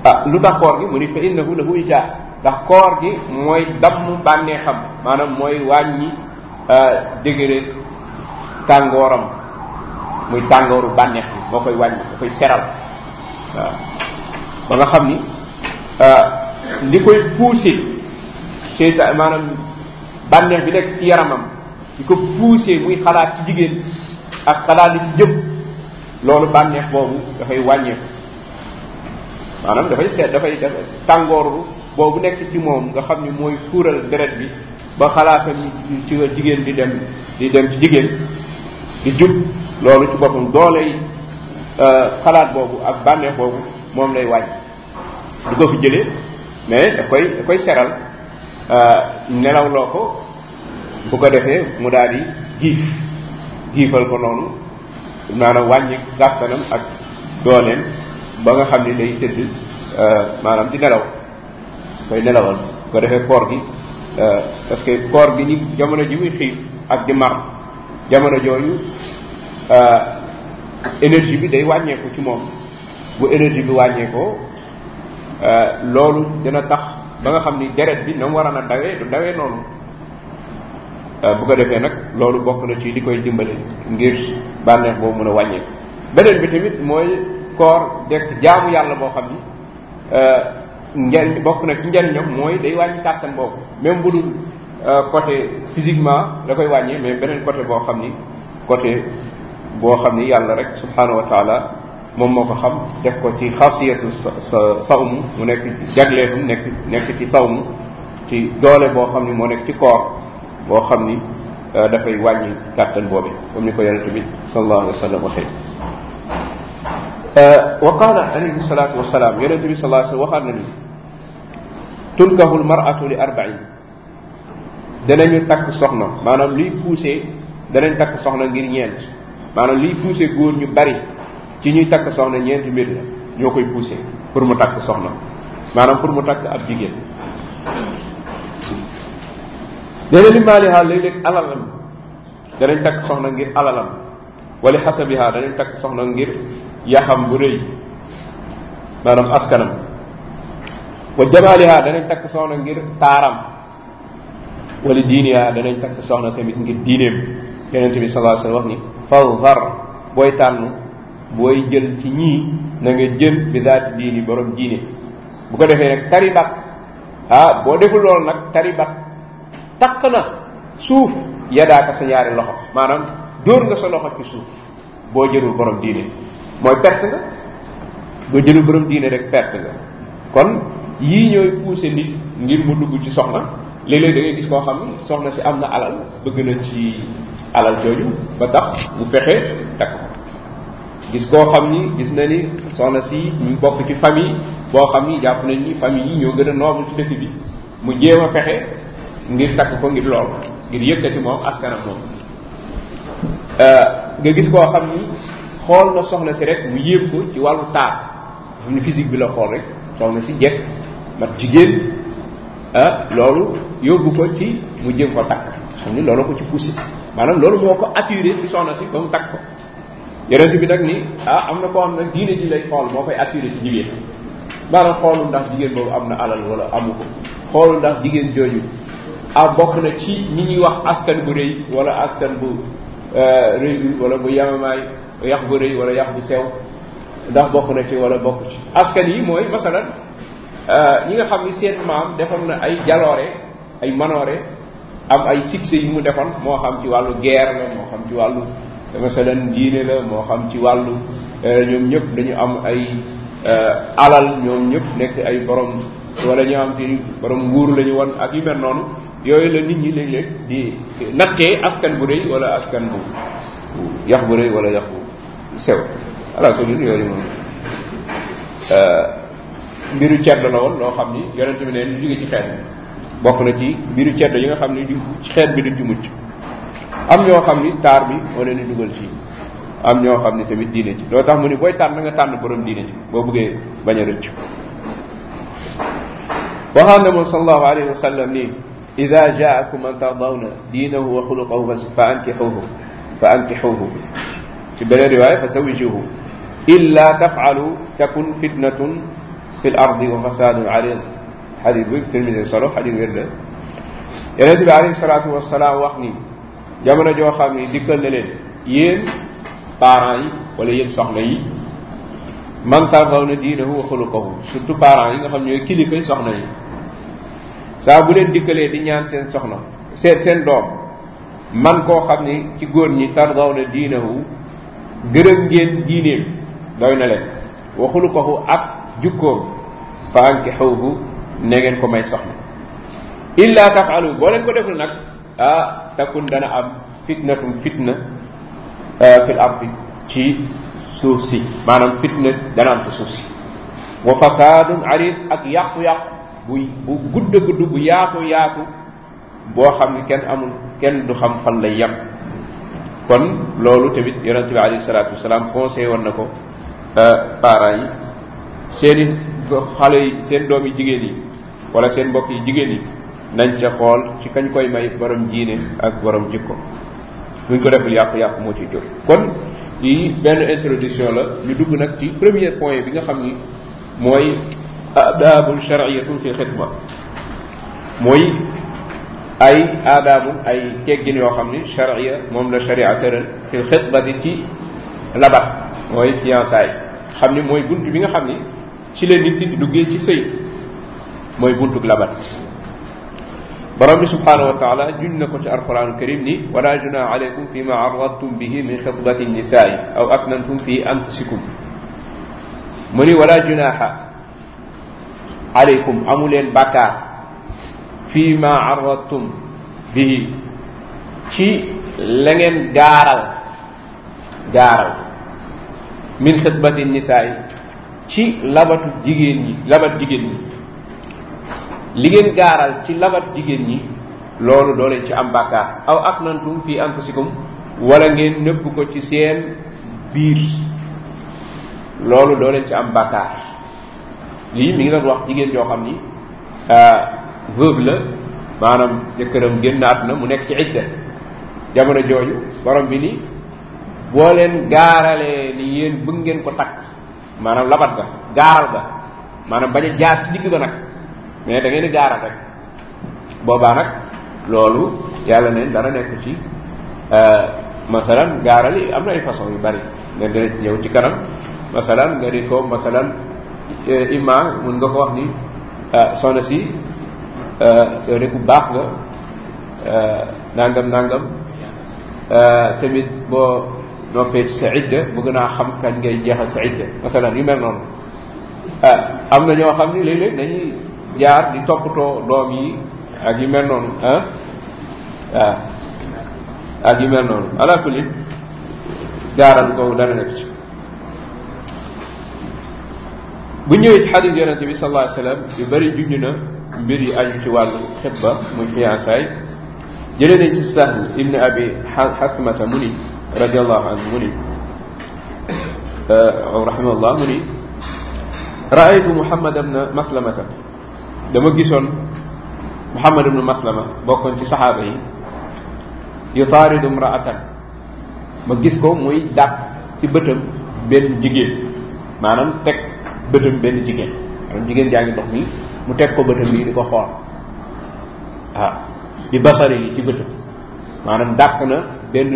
Ah, lu tax koor gi mu ni fa innahu lahu ija ndax koor gi mooy damm bànnee xam maanaam mooy wàññi ah, dégëre tàngooram muy tàngooru bànneex bi moo koy wàññi moo koy seral ba nga xam ni di ah, koy puusil seyta maanaam bànneex bi nekk ci yaramam di ko puusee muy xalaat ci jigéen ak xalaat li ci jëm loolu bànneex boobu dafay wàññeeku maanaam dafay seet dafay def tàngooru boobu nekk ci moom nga xam ni mooy fuural deret bi ba xalaatam ci jigéen di dem di dem ci jigéen di jub loolu ci boppam dooley euh, xalaat boobu ak bànneex boobu moom lay wàññi du ko fi jëlee mais daf koy daf seral euh, nelaw loo ko bu ko defee mu daal di giif giifal ko noonu maanaam wàññi kàttanam ak dooleem ba nga xam ni day tëdd euh, maanaam di nelaw koy nelawal ko defee koor gi euh, parce que koor gi ni jamono ji muy xiif ak di mar jamono jooju euh, énergie bi day wàññeeku ci moom bu énergie bi wàññeekoo loolu dina tax ba nga xam ni deret bi na mu war a dawee du dawee noonu bu ko defee nag loolu bokk na ci li koy dimbale ngir bànneex boobu mën a wàññeeku beneen bi tamit mooy koor dekk jaamu yàlla boo xam ni euh, njariñ bokk na ci njariñam mooy day wàññi kàttan boobu même bu dul euh, côté physiquement da koy wàññee mais beneen côté boo xam ni côté boo xam ni yàlla rek subhanahu wa taala moom moo ko xam def ko ci xasiyatu sa sa sawmu mu nekk jagleetum nekk nekk ci sawmu ci doole boo xam ni moo nekk ci koor boo xam ni euh, dafay wàññi kàttan boobe comme ni ko yonente bi sallallahu alayhi wa sallam wa qaala alayhi salaatu wasalaam yonent bi sallallahu alayhi waxaat na ni tunkahul mar'atu li arba'in danañu takk soxna maanaam liy poussé danañ takk soxna ngir ñeent maanaam liy poussé góor ñu bari ci ñuy takk soxna ñeenti mbir la ñoo koy poussé pour mu takk soxna maanaam pour mu takk ab jigéen nee li maalihaa léeg-léeg alalam danañ takk soxna ngir alalam wala xasabihaa danañ takk soxna ngir yaxam bu rëy maanaam askanam wa jamaaliha danañ takk soxna ngir taaram wala diiniha danañ takk soxna tamit ngir diineem yonente bi sallallahu alayhi wasallam wax ni fadhar booy tànn booy jël ci ñii na nga jël bi daati diini borom diine bu ko defee nag taribat ah boo deful loolu nag taribat takk na suuf yadaaka sa ñaari loxo maanaam dóor nga sa loxo ci suuf boo jëlul borom diine mooy perte nga boo jëlu borom diine rek perte nga kon yii ñooy pousser nit ngir mu dugg ci soxna léeg-léeg da gis koo xam ne soxna si am na alal bëgg na ci alal jooju ba tax mu fexe takk ko gis koo xam ni gis na ni soxna si ñu ci famille boo xam ni jàpp nañ ni famille yi ñoo gën a noble ci dëkk bi mu jéem a fexe ngir takk ko ngir lool ngir yëkkati moom askanam moom euh, nga gis koo xam ni xool na soxla si rek mu yéem ko ci wàllu taar dafa ne physique bi la xool rek soxna si jekk mat jigéen ah loolu yóbbu ko ci mu jëm ko takk xam ni loolu ko ci poussé maanaam loolu moo ko attiré ci soxna si ba mu takk ko yonent bi nag ni ah am na koo xam ne diine ji lay xool moo koy attiré ci jigéen maanaam xoolul ndax jigéen boobu am na alal wala amu ko xoolul ndax jigéen jooju ah bokk na ci ñi ñuy wax askan bu rëy wala askan bu eh, rëy wala bu yamamaay yax bu rëy wala yax bu sew ndax bokk na ci wala bokk ci askan yi mooy masalan euh, ñi nga xam ni seen maam defoon na ay jaloore ay manoore am ay succès yi mu defoon moo xam ci wàllu guerre la moo xam ci wàllu masalan diine la moo xam ci wàllu euh, ñoom ñëpp dañu am ay euh, alal ñoom ñëpp nekk ay borom wala ñoo am ci borom nguur la ñu won ak yu mel noonu yooyu la nit ñi léeg-léeg di nattee askan bu rëy wala askan bu bu yax bu rëy wala yax bu sew ala sabili yooyu moom euh, mbiru ceddo la woon loo xam ni yonent bi neen jóge ci xeet bi bokk na ci mbiru ceddo yi nga xam ni ci xeet bi duñ ci mucc am ñoo xam ni taar bi moo leen di dugal ci am ñoo xam ni tamit diine ci loolu tax mu ni booy tànn na nga tànn borom diine ci boo bëggee bañ a rëcc waxaan na moom sallallahu alayhi wa sallam ni ida jaakum man tardawna diinahu wa xuluqahu fa ankixuhu fa ankixuuhu ci beneen riwaaya fa sawijuhu illa tafaalu takun fitnatun fi l ardi wa fasadun arid xadis bi Tirmisi solo xadis wér la yonente bi alayhi salaatu wasalaam wax ni jamono joo xam ni dikkal na leen yéen parents yi wala yéen soxna yi man tardaw na diinahu wa xuluqahu surtout parents yi nga xam ñooy kilifa soxna yi saa bu leen dikkalee di ñaan seen soxna seen seen doom man koo xam ne ci góor ñi tardaw na diinahu gërëm ngeen diineem doy na leen wa xuluqahu ak jukkoom fa ankixuuhu ne ngeen ko may soxna illa tafalu boo leen ko deful nag ah takun dana am fitnatum fitna ah, fil ardi ci suuf si maanaam fitna dana am ci suuf si wa fasaadun arid ak yàqu-yàqu bu bu gudd gudd bu yaatu yaatu boo xam ne kenn amul kenn du xam fan lay yem kon loolu tamit yonente bi alayhi salaatu wasalaam conseillé woon na ko euh, parents yi seeni xale yi seen doom yi jigéen yi wala seen mbokk yi jigéen yi nañ ca xool ci kañ koy may borom jiine ak borom jikko buñ ko deful yàqu-yàqu moo ci jur kon kii benn introduction la ñu dugg nag ci premier point bi nga xam ni mooy adabul shar'iyatu fi xidma mooy ay aadaabu ay teggin yoo xam ni charia moom la charia tëral fil xitbati ci labat mooy fiançaay xam ni mooy bunt bi nga xam ni ci la nit di duggee ci sëy mooy buntuk labat borom bi subhanahu wa taala juñ na ko ci alquranu karim ni wala junaa aleykum fi ma arradtum bihi min xitbati nisaai aw aknantum fi anfusikum mu ni wala junaaxa aleykum amu leen bàkkaar fii ma arradtum ci la ngeen gaaral gaaral min xitbati nisaay ci labatu jigéen ñi labat jigéen ñi li ngeen gaaral ci labat jigéen ñi loolu doo leen ci am bàkkaar aw aknantum fii anfusikum wala ngeen nëbb ko ci seen biir loolu doo leen ci am bàkkaar lii mi ngi doon wax jigéen yoo xam ni ah, veuve la maanaam jëkkëram génn at na mu nekk ci idda jamono jooju borom bi ni boo leen gaaralee ni yéen bëgg ngeen ko takk maanaam labat ga gaaral ga maanaam bañ jaar ci digg ba nag mais da ngeen gaaral rek boobaa nag loolu yàlla neen dana nekk ci euh, masalan gaaral yi am na ay façon yu bari nga dina ñëw ci kanam masalan nga ni ko masalan euh, imma mun nga ko wax ni euh, soxna si yow de ku baax nga euh, nangam nangam euh, tamit boo noppee ci sa idda bëgg naa xam kan ngay jeexal sa idda masalan yu mel noonu euh, am na ñoo xam ne léeg-léeg jaar di toppatoo doom yi ak yu mel noonu ah ak yu mel noonu ala kulli gaaral ko dana nekk ci bu ñëwee ci xadis yonente bi sallallahu alayhi yu bëri junj na mbir yi aju ci wàllu xibba muy fiançaay jëlee nañ ci sahl ibni abi xatmata mu ni radiallahu anhu mu ni euh, rahimahullah mu ni raaytu muhammad ibn maslamata dama gisoon muhammad ibn maslama bokkoon ci saxaaba yi yutaaridu imraatan ma gis ko muy dàq ci bëtam benn jigéen maanaam teg bëtam benn jigéen maanaam jigéen jaa ngi dox nii mu teg ko bëtam yi di ko xool waaw ah, di basari yi ci bëtam maanaam dàq na benn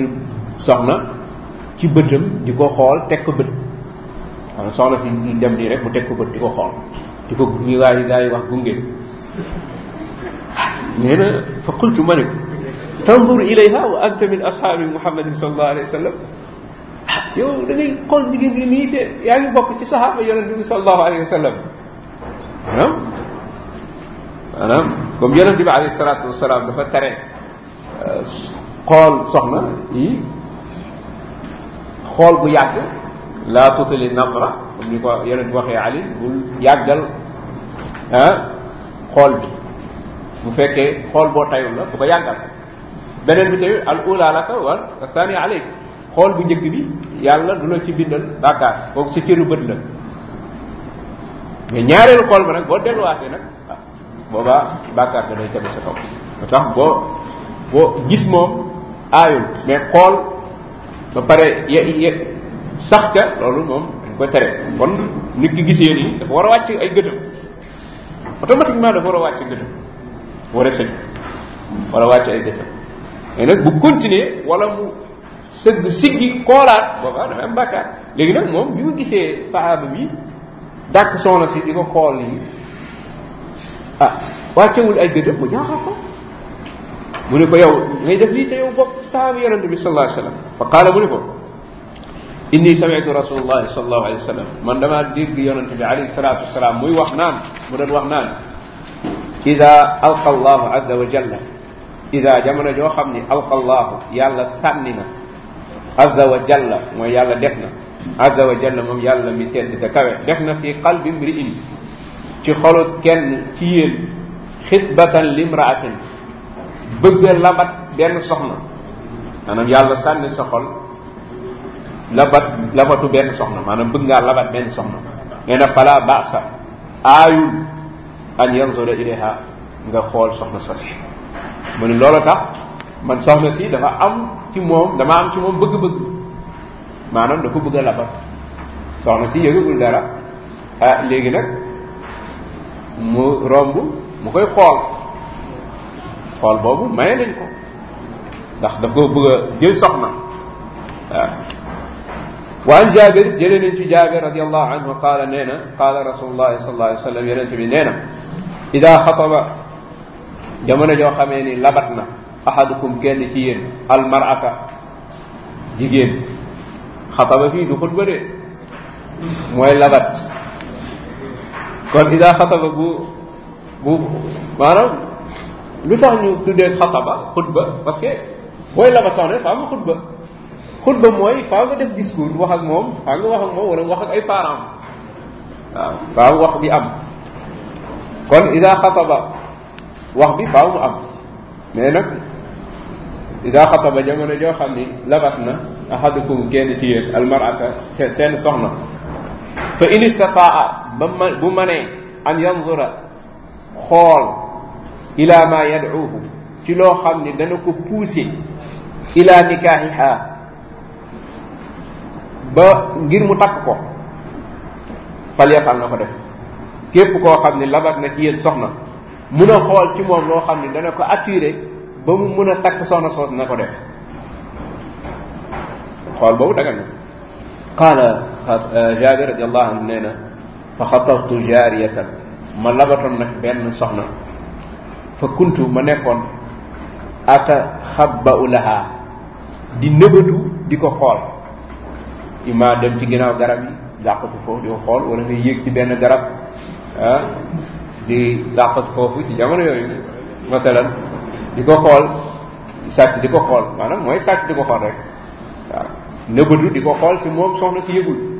soxna ci bëtam di ko xool teg ko bët maanaam soxna si dem nii rek mu teg ko bët di ko xool di ko ñu gaa yi gaa yi wax gunge nee na fa qultu ma ne ko tanzur ilayha wa anta min ashaabi muhammadin sallallahu alayhi wa sallam ah, yow da ngay xool jigéen gi nii te yaa ngi bokk ci saxaaba yonente bi sallallahu alayhi wa sallam maanaam maanaam comme yonent bi alayhi salaatu wasalaam dafa tere euh, xool soxna yi xool bu yàgg laa tutali nazra comme ni ko yonent bi waxee Ali bul yàggal ah xool bi bu fekkee xool boo tayul la bu ko yàggal beneen bi tamit al ula laka wa thani alayk xool bu njëkk bi yàlla du la ci bindal bàkkaar kooku sa cëru bët la mais ñaareelu kool ba nag boo delluwaatee nag boobaa bàkkaar da day tegu sa kaw ba tax boo boo gis moom aayul mais xool ba pare ye ye sax ca loolu moom dañ koy tere kon nit ki gisee nii dafa war a wàcc ay gëtëm automatiquement dafa war a wàcc gëtëm war a sëñ war a wàcc ay gëtëm mais nag bu continuer wala mu sëgg siggi xoolaat boobaa dafay am bàkkaar léegi nag moom bi mu gisee saxaaba bi dàq soxna si di ko xool yi *laughs* ah wàccewul ay gëddëm mu jaaxal ko mu ne ko yow ngay def lii te yow bokk sahaaba yonente bi sallallahu alayhi wa sallam fa qaala mu ne ko inni samitu rasulullahi sallallahu alayhi wa sallam man damaa dégg yonente bi alayhi salatu wasalaam muy wax naan mu doon wax naan ida alqa allahu azza wa jalla ida jamono joo xam ni alqa allahu yàlla sànni na azza wa jalla mooy yàlla def na azza wa jalla moom yàlla mi tedd te kawe def na fi qalbi mri'in ci xolu kenn ci yéen li limraatin bëgga labat benn soxna maanaam yàlla sànni sa xol labatu benn soxna maanaam bëgg ngaa labat benn soxna nee na fala basa aayul an yanzura nga xool soxna sa si mu ne loolu tax man si dafa am ci moom dama am ci moom bëgg-bëgg maanaam dafa bëgg labat soxna si yëgagul dara ah léegi nag mu romb mu koy xool xool boobu maye nañ ko ndax daf ko bëgg a jël soxna waaw waan jaabir jëlee nañ ci jaabir radiallahu anhu qaala nee na qaala rasulullahi sallallahu alayhi wa sallam yonente bi nee na ida xataba jamono joo xamee ni labat na ahadukum kenn ci yéen almarata jigéen xataba fii du xutba de mooy labat kon ida xataba bu bu maanaam lu tax ñu tuddee xataba xutba parce que booy la ba soxna faa nga xutba xutba mooy faa nga def discours wax ak moom faa nga wax ak moom wala wax ak ay parents waaw faa wax bi am kon ida xataba wax bi faaw mu am mais nag ida xataba jamono joo xam ni labat na ahadukum kenn ci yéen almarata seen soxna fa in istataa ba ma bu manee an yanzura xool ila ma yad'uhu ci loo xam ni dana ko pousser ila nikaahiha ba ngir mu takk ko falyafal na ko def képp koo xam ne labat na ci yéen soxna mun a xool ci moom loo xam ne dana ko attiré ba mu mun a takk soxna soos na ko def xool boobu dagan na qaala Eh, jaabir radiallahu anhu nee na fa xatabtu jaariyatan ma labatoon nag benn soxna fa kuntu ma nekkoon ata xabba u lahaa di nëbatu di ko xool i ma dem ci ginnaaw garab yi làqatu ko xool wala nga yéeg ci benn garab ah di foofu ci jamono yooyu masalan di ko xool sàcc di ko xool maanaam mooy sàcc di ko xool rek waaw di ko xool ci moom soxna si yëgul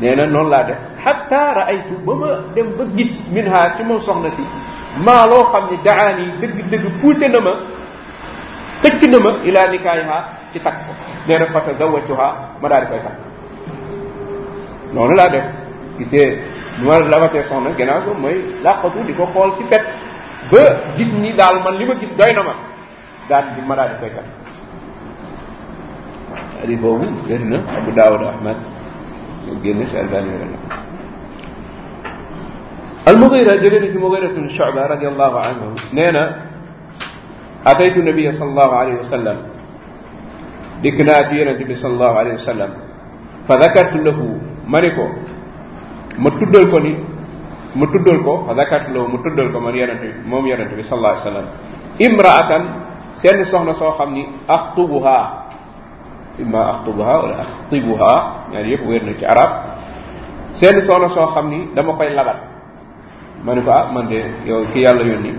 nee na noonu laa def xatta raaytu ba ma dem ba gis min ci moom soxna si maa loo xam ni daan yi dëgg-dëgg poussé na ma xëcc na nikaayiha ci takk ko nee na fa tazawwajtuha ma daal di koy takk noonu laa def gisee lu ma la watee soxna gannaaw ko mooy làqatu di ko xool ci pet ba gis ni daal man li ma gis doy na ma daal koy takk hadis boobu wér na Abu Daawud Ahmad génn si Albani wéral na Al-Mughira jëlee na ci Mughira bin Shu'ba radiyallahu anhu nee na ataytu nabiya sallallahu alayhi wa sallam dikk naa ci yonente bi sallallahu alayhi wa sallam fa dakartu lahu ma ni ko ma tuddal ko ni ma tuddal ko fa dakartu lahu ma tuddal ko man yonente bi moom yonente bi sallallahu alayhi wa sallam imraatan seen soxna soo xam ni axtubuha imma axtubuha wala axtibuha ñaar yëpp wér na ci arab seen soxna soo xam ni dama koy labat ma ne ko ah man de yow ki yàlla yónni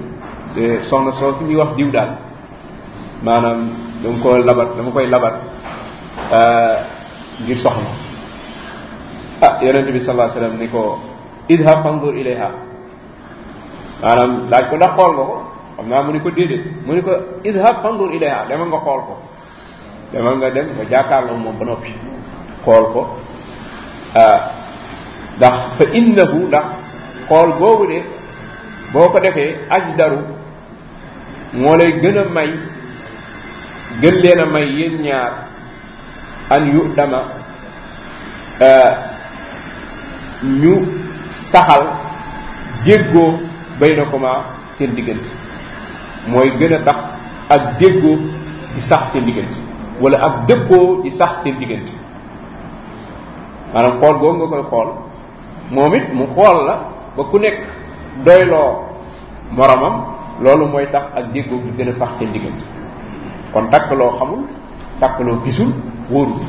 de soxna soo ñuy wax diw daal maanaam dama dama koy labat euh, ngir soxna ah yonente bi sallallahu ni ko idhab fanzur ilayha maanaam laaj ko ndax xool nga ko xam naa mu ni ko déedéet mu ni ko idhab fanzur ilayha dama nga xool ko demal nga dem ba jàkkaarloo moom ba noppi xool ko ah, ndax fa innahu ndax xool boobu de boo ko defee ajdaru moo lay gën a may gën leen a may yéen ñaar an yu dama ah, ñu saxal déggoo bay na comment seen diggante mooy gën a tax ak déggoo di sax seen diggante wala ak dëppoo di sax seen diggante maanaam xool googu nga koy xool moom it mu xool la ba ku nekk doyloo moromam loolu mooy tax ak déggoo gi gën a sax seen diggante kon takk loo xamul takk loo gisul wóorul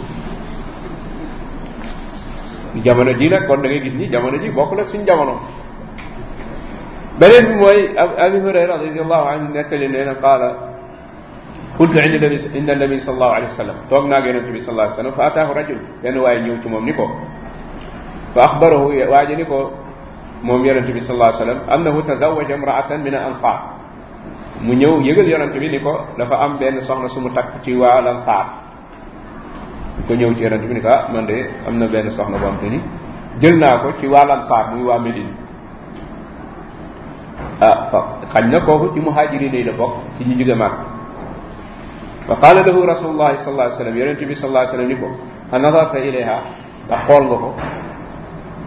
jamono ji nag kon da gis ni jamono ji bokk nag suñ jamono beneen bi mooy abi hurayra radiallahu anhu nettali nee na qaala qultu inda nabi inda nabi sallallahu alayhi wa sallam toog naa ak yonent bi sallallahu alayhi wa sallam fa ataahu rajul benn waaye ñëw ci moom ni ko fa axbarahu waa ji ni ko moom yonent bi sallallahu alayhi wa sallam annahu tazawaja imraatan min al ansaar mu ñëw yëgal yonent bi ni ko dafa am benn soxna su mu takk ci waa al ansaar ko ñëw ci yonent bi ni ko ah man de am na benn soxna boo am te ni jël naa ko ci waa al ansaar muy waa Médine ah fa xañ na kooku ci muhaajiriin yi la bokk ci ñu jóge Màkka fa qaala lahu rasulullahi sallallahu alayhi wa sallam yonente bi sallallahu alayhi wa sallam ni ko a nadarta ilayha ndax xool nga ko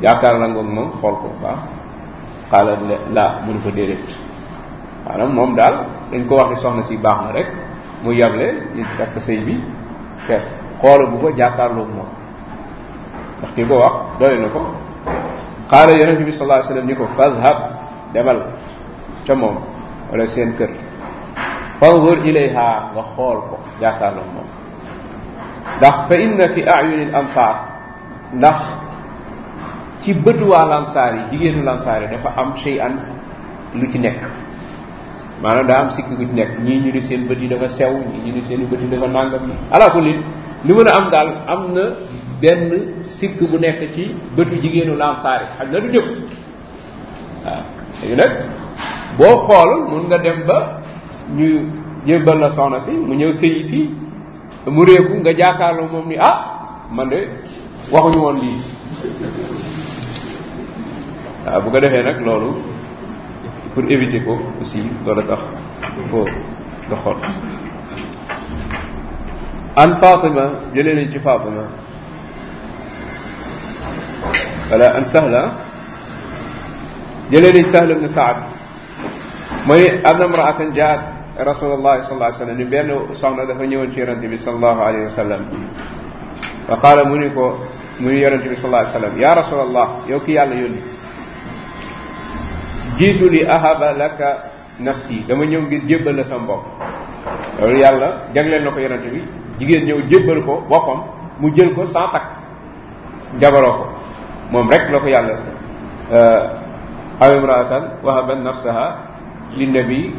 yaakaar la ngoog moom xool ko waaw qaala la munu ko déedéet maanaam moom daal dañ ko wax ni soxna si baax na rek mu yable ñu takk sëy bi te xoola bu ko jàkkaarloog moom ndax ki ko wax doole na ko qaala yonente bi sallallahu alayhi wa sallam ni ko fadhab demal ca moom wala seen kër fanzur ilayha nga xool ko jàkkaarloo moom ndax fa inna fi ayunil ansaar ndax ci bëtu waa lansaar yi jigéenu lansaar yi dafa am shay an lu ci nekk maanaam daa am sikki gu nekk ñii ñu ni seen bët yi dafa sew ñii ñu ni seen i bët yi dafa nàngam ala kulli li mën a am daal am na benn sikk bu nekk ci bëtu jigéenu lansaar yi xam na du jëf waaw léegi nag boo xool mun nga dem ba ñu jébbal la soxna si mu ñëw sëyi si mu réeku nga jàkkaarloo moom ni ah man de waxuñu woon lii waaw bu ko defee nag loolu pour éviter ko aussi loolu tax foo nga xool an Fatima jëlee ci Fatima wala an Sahla jëlee nañ Sahla ibn Saad mooy am na mraatan jaat rasulullah sallallahu alayhi wa sallam ni benn soxna dafa ñëwoon ci yonente bi sallallahu alayhi wa sallam fa qaala mu ni ko muy yonente bi sallallahu alayhi wa sallam ya rasulallah yow ki yàlla yónni jiitu li ahaba laka nafsi dama ñëw ngir jébbal la sama bopp loolu yàlla jagleel na ko yonente bi jigéen ñëw jébbal ko boppam mu jël ko sans takk jabaroo ko moom rek la ko yàlla euh, aw imraatan wahaban nafsaha li nabi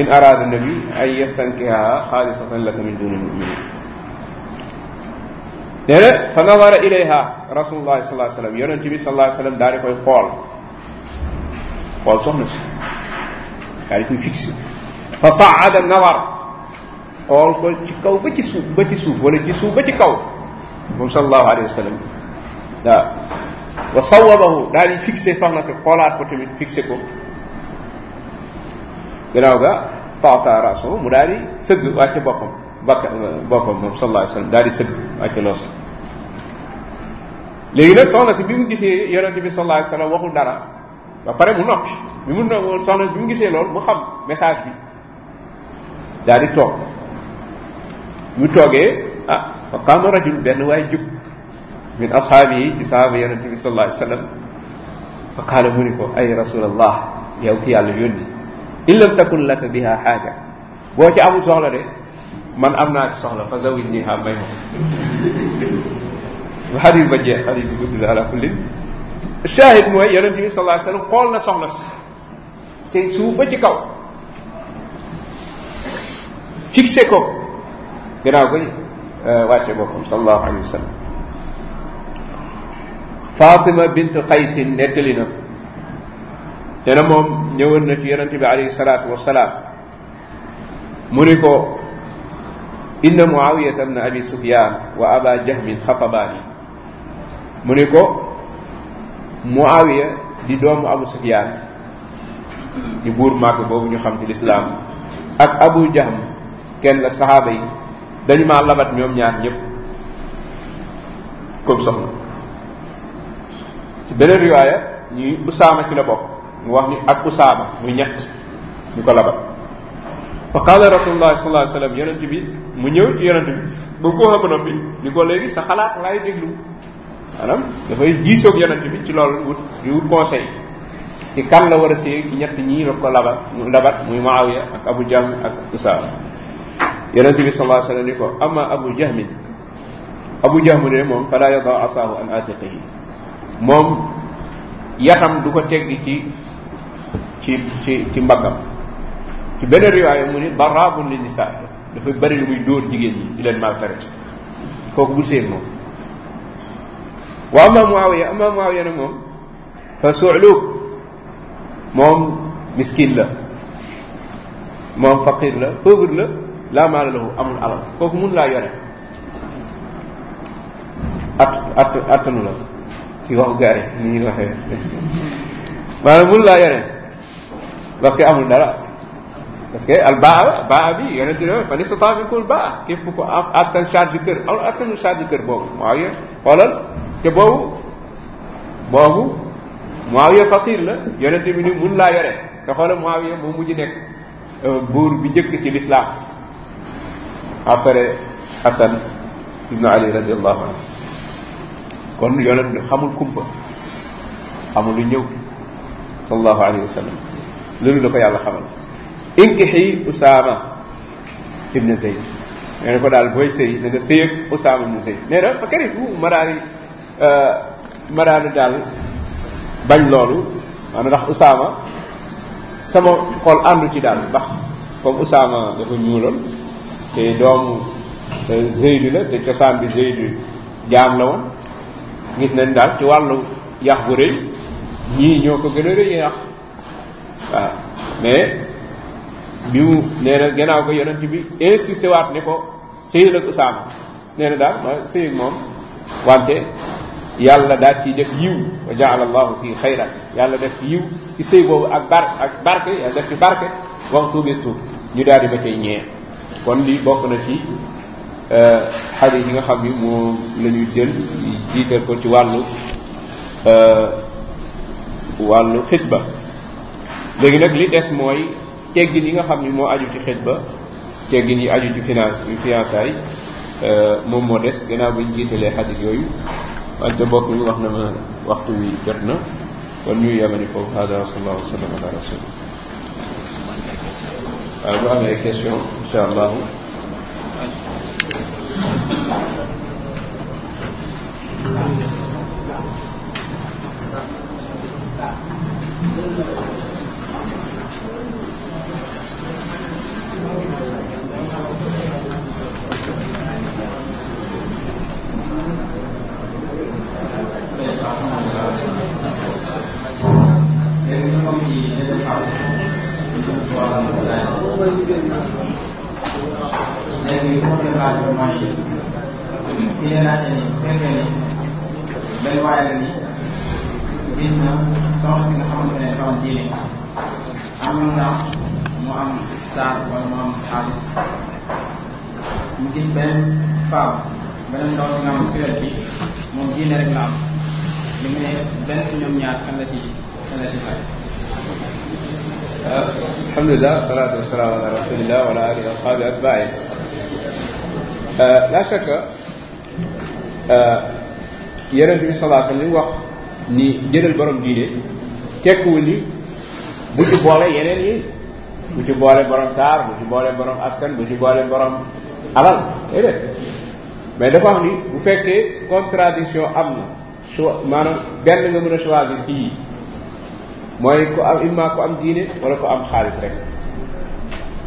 in araada nabi ay yastankiha xaalisatan laka min duni muminin nee na fa nadara ilayha rasulullahi sallallahu alayhi wasallam yonent bi sallallahu alayhi wasallam daal di koy xool xool soxna si daal di koy fixé fa saada nadar xool ko ci kaw ba ci suuf ba ci suuf wala ci suuf ba ci kaw moom sallallahu alayhi wasallam waaw wa sawabahu daal di fixé soxna si xoolaat ko tamit fixé ko gannaaw ga taata raso mu daal di sëgg wàcce boppam bakka boppam moom sallallahu alayhi wasallam daal di sëgg wàcce loosu léegi nag soxna si bi mu gisee yonente bi sallallahu alayhi wasallam waxul dara ba pare mu noppi bi mu no soxna si bi mu gisee loolu mu xam message bi daal di toog mu toogee ah fa qaama rajul benn waay jub min ashaabi yi ci sahaaba yonente bi sallallahu alayhi wasallam fa qaala mu ni ko ay rasulallah yow ki yàlla yónni in lam takun laka biha xaaja boo ci amul soxla de man am naa ci soxla fa zawit nii ha may ma xadis ba jeex xadis bi gudd la ala kulli shahid mooy yonente bi sallallahu alayhi wasallam xool na soxna si suuf ba ci kaw fixé ko gannaaw koy euh, wàcce boppam sallallahu alayhi wa sallam Fatima bint Qaysin nettali na te na moom ñëwoon na ci yonente bi alayhi salaatu wasalaam mu ni ko inna muawiyata bna abi sufyan wa aba jahmin xatabaani mu ni ko mu muawiya di doomu abu sufyan di buur màgg boobu ñu xam ci lislaam ak abu jahm kenn la saxaaba yi dañu ma labat ñoom ñaar ñëpp comme soxna ci beneen riwaaya ñuy usaama ci la bokk mu wax ni ak usaama muy ñett ñu ko labal fa qaala rasulullah sallallahu alayhi wasallam bi mu ñëw ci bi ba ko ko léegi sa xalaat laay déglu maanaam ci loolu wut kan la war a séy ci ñett ñii la ko labat labat muy Muawiya ak Abu Jahm ak Usaama yonent bi sallallahu alayhi wasallam ni ko amma Abu Jahm Abu Jahm de moom fala yada asaahu an atiqihi ci ci ci mbaggam ci beneen riwaaya mu ni baraabun li nisaa dafay bari lu muy dóor jigéen ñi di leen maltraité kooku bul seen moom waaw ama Muawiya ama Muawiya nag moom fa suxluuk moom miskin la moom faqir la pauvre la laa maala lahu amul alal kooku mun laa yore at at attanu la ci wax gaay ni ñuy waxee *laughs* maanaam mun laa yore parce que amul dara parce que al baa baa bi yonente ne fa nistata minkum al baa képp ko attan charge kër amul attanul charge kër boobu Muawiya xoolal te boobu boobu Muawiya faqir la yonente bi ni mun laa yore te xoolal Muawiya moo mujj nekk euh, buur bi njëkk ci l'islam après Hasan ibnu Ali radiallahu anhu kon yonent xamul kumpa xamul lu ñëw sallallahu alayhi wa sallam loolu la ko yàlla xamal inkixi usaama ibn zeyd nee na ko daal booy sëy na nga sëy ak usaama ibn zeyd nee na fa këri bu maraari euh, maraari daal bañ loolu maanaam ndax usaama sama xol àndu ci daal ndax comme usaama dafa ñuuloon te doomu zeydu la te cosaan bi zeydu jaam la woon gis nañ daal ci wàllu yax bu rëy ñii ñoo ko gën a rëy yax waaw ah. mais bi mu nee na gannaaw ko yonent bi insisté waat ne ko sëyal la Usaama nee na daal ma sëy moom wante yàlla daal ciy def yiw wa jaala allahu fi xayran yàlla def yiw ci sëy boobu ak bar ak barke yàlla def ci barke waxtu bi tuub ñu daal di ba cay ñee kon lii bokk na ci euh, xadiis yi nga xam ni moom la ñuy jël jiital ko ci wàllu euh, wàllu xitba léegi nag li des mooy teggin yi nga xam ni moo aju ci xet ba teggin yi aju ci finance yu fiançaay euh, moom moo des gannaaw bu ñu jiitalee xadis yooyu wante mbokk mi wax na ma waxtu wi jot na kon ñu yemani foofu hada wa sallallahu wa sallam ala rasulillah waaw bu amee question incha allahu ñu laajte ni fekkee ni benn waaye la ni gis na soxna si nga xamante ne dafa am diine am na ndax mu am taar wala mu am xaalis mu gis benn faaw beneen ndaw si nga am si wet bi moom diine rek la am li mu ne benn si ñoom ñaar kan la ci kan la ci fay alhamdulilah salaatu wasalaamu ala rasulillah wa ala alihi wa ashabi atbaai euh, la shakka Euh, yonent bi sallallahu alayhi wasallam li mu wax ni jëlal borom diine tekkiwul ni bu ci boole yeneen yi bu ci boole borom taar bu ci boole borom askan bu ci boole borom alal déedéet mais dafa wax ni bu fekkee contradiction am na so maanaam benn nga mën a choisir ci yi mooy ku am imma ku am diine wala ku am xaalis rek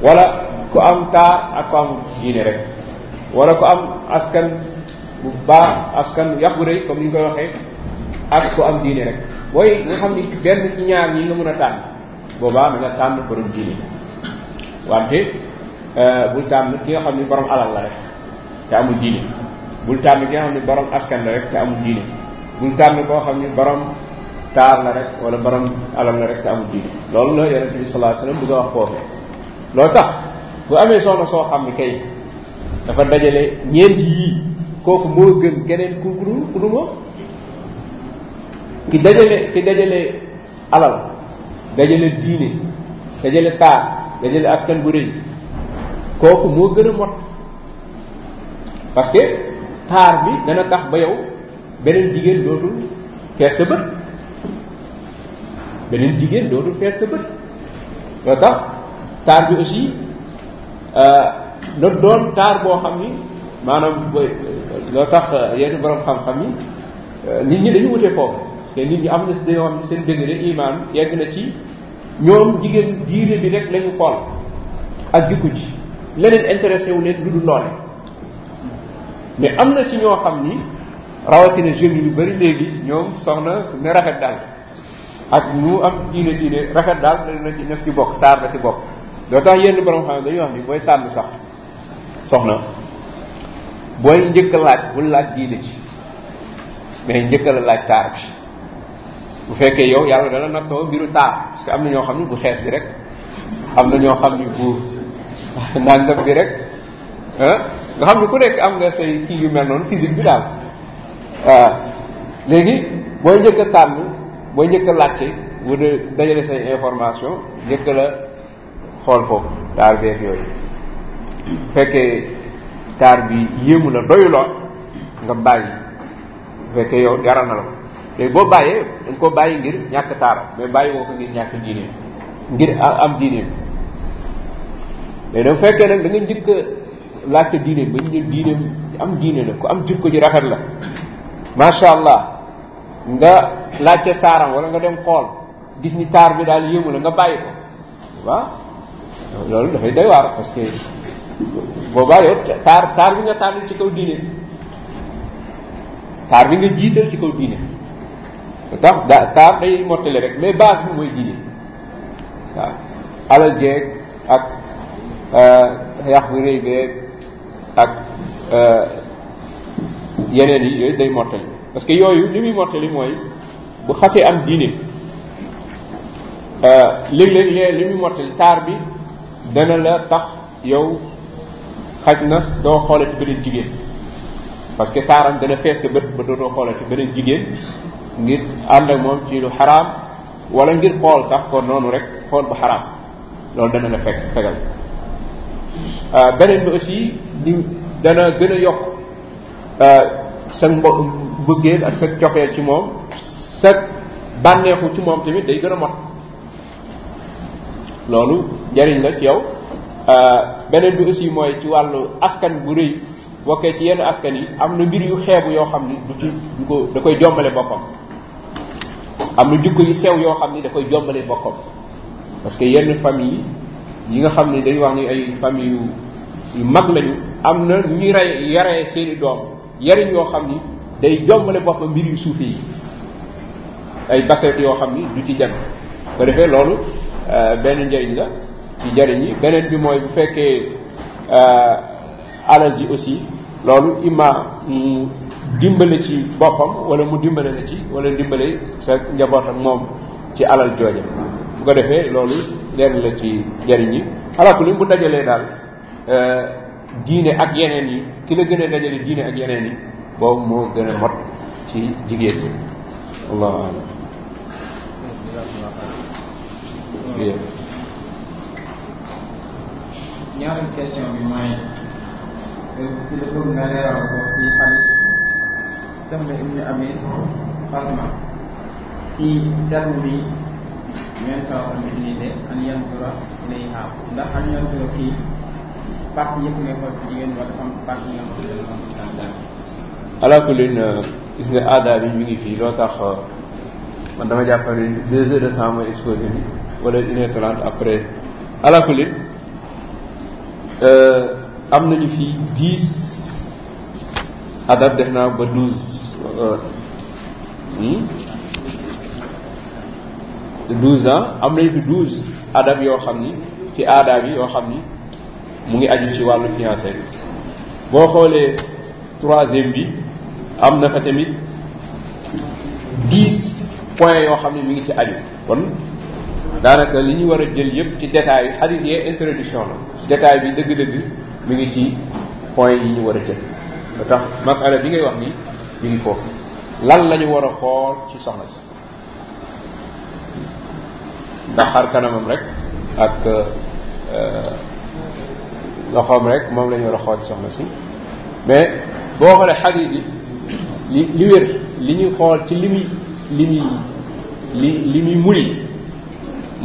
wala ku am taar ak ku am diine rek wala ku am askan bu baax askan yàq bu rëy comme ni ñu koy waxee ak ku am diine rek booy nga xam ni benn ci ñaar ñi nga mën a tànn boobaa na nga tànn borom diine wante euh, bul tànn ki nga xam ni borom alal la rek te amul diine bul nga xam ni borom askan la rek te amul diine bul tànn koo xam ni borom taar la rek wala borom alal la rek te amul diine loolu la yonente bi sallallahu alayhi wasallam bëgg a wax foofee loolu tax bu amee soxna soo xam ni kay dafa dajale ñeenti yii kooku moo gën keneen ku dul ku dul moom ki dajale ki dajale alal dajale diine dajale taar dajale askan bu rëy kooku moo gën a mot parce que taar bi dana tax ba yow beneen jigéen dootul fees sa bët beneen jigéen dootul fees sa bët loo tax taar bi aussi euh, na doon taar boo xam ni maanaam loolu tax euh, yenn borom xam-xam yi euh, nit ñi dañu wute foofu parce nit ñi am na dañoo am seen degré iman yegg na ci ñoom jigéen diine bi rek lañu xool ak jikko ji leneen intéressé wu leen lu dul loole mais am na ci ñoo xam ni rawatina jeunes yu bari léegi ñoom soxna ne rafet daal ak ñu am diine diine rafet daal dana ci nekk ci bokk taar na ci bokk. loo tax yenn borom xam ne dañuy wax ni booy tànn sax soxna. booy njëkk laaj bul laaj diine ci mais njëkk la laaj taar bi bu fekkee yow yàlla dana nattoo mbiru taar parce que am na ñoo xam ne bu xees bi rek am na ñoo xam ne bu *laughs* nangam bi rek ah, nga xam ne ku nekk am nga say kii yu mel noonu physique bi daal waaw léegi booy njëkk a tànn booy njëkk a laajte wala dajale say information njëkk la xool foofu taar beeg yooyu bu fekkee taar bi yéemu la doyu la nga bàyyi bu fekkee yow jaral la ko léegi boo bàyyee dañ koo bàyyi ngir ñàkk taaram mais bàyyi woo ko ngir ñàkk diine ngir am diine mais da fekkee nag da njëkk a laajte ba ñu ne diine am diine la ku am jikko ji rafet la macha allah nga laajte taaram wala nga dem kool gis ni taar bi daal yéemu la nga bàyyi ko loolu dafay doy waar parce que boobaa yow taar taar bi nga taaral ci kaw diine taar bi nga jiital ci kaw diine tax da taar day mottali rek mais baas bi mooy diine waaw alal jeeg ak euh, yàq bu rëy beeg ak euh, yeneen yi yooyu day mottali parce que yooyu li muy mottali mooy bu xasee am diine euh, léeg-léeg li muy mottali taar bi dana la tax yow xaj na doo xoolati beneen jigéen parce que taaram dana fees sa bët ba dootoo xoolati beneen jigéen ngir ànd ak moom ci lu xaraam wala ngir xool sax kon noonu rek xool bu xaraam loolu dana la fekk fegal euh, beneen bi aussi ni dana gën a yokk euh, sa mbo bëggeel ak sa cofeel ci moom sa bànneexu ci moom tamit day gën a mot loolu njariñ la ci yow euh, beneen bi aussi mooy ci wàllu askan bu rëy bokkee ci yenn askan yi am na mbir yu xeebu yoo xam ni du ci du ko da koy jombale boppam am na jikko yu sew yoo xam ni da koy jombale boppam parce que yenn famille yi nga xam ne dañuy wax ni ay famille yu yu mag lañu am na ñuy rey yaree doom yariñ yoo xam ni day jombale boppam mbir yu suufe yi ay baseet yoo xam ni du ci jag ko defee loolu euh, benn njëriñ la ci njariñ yi beneen bi mooy bu fekkee euh, alal ji aussi loolu imma mu dimbale ci boppam wala mu dimbale la ci wala dimbale sa njaboot ak moom ci alal jooja bu ko defee loolu lenn la ci jariñ yi alaakulli bu dajalee daal euh, diine ak yeneen yi ki la gën a dajale diine ak yeneen yi boobu moo gën a mot ci jigéen ñi allahu alam ñaareelu question bi mooy ci la nga leeral ko ci xadis Sahl ibnu Abi Salma ci terme bi ñoom saa ko utilisé an yanzura ilayha ndax an yanzura fii partie yëpp ngay xool jigéen wala xam partie nga xam ne moom tàngaay. aada bi mi ngi loo tax man dama jàpp ne deux heures de temps mooy exposé bi wala une heure après alaa Euh, am nañu fi dix adab def naa ba douze euh, hmm? douze ans am nañu fi douze adab yoo xam ni ci aadaab yi yoo xam ni mu ngi aju ci wàllu fiancé boo xoolee troisième bi am na fa tamit dix points yoo xam ne mu ngi ci aju kon daanaka li ñu war a jël yëpp ci détail xadis yee introduction la détail bi dëgg-dëgg mu ngi ci point yi ñu war a jël ba tax masala bi ngay wax nii mi ngi foofu lan la ñu war a xool ci soxna si ndax xar kanamam rek ak euh, loxoom rek moom lañu ñu war a xool ci soxna si mais boo xoolee xadis yi li li wér li ñuy xool ci li muy li muy li li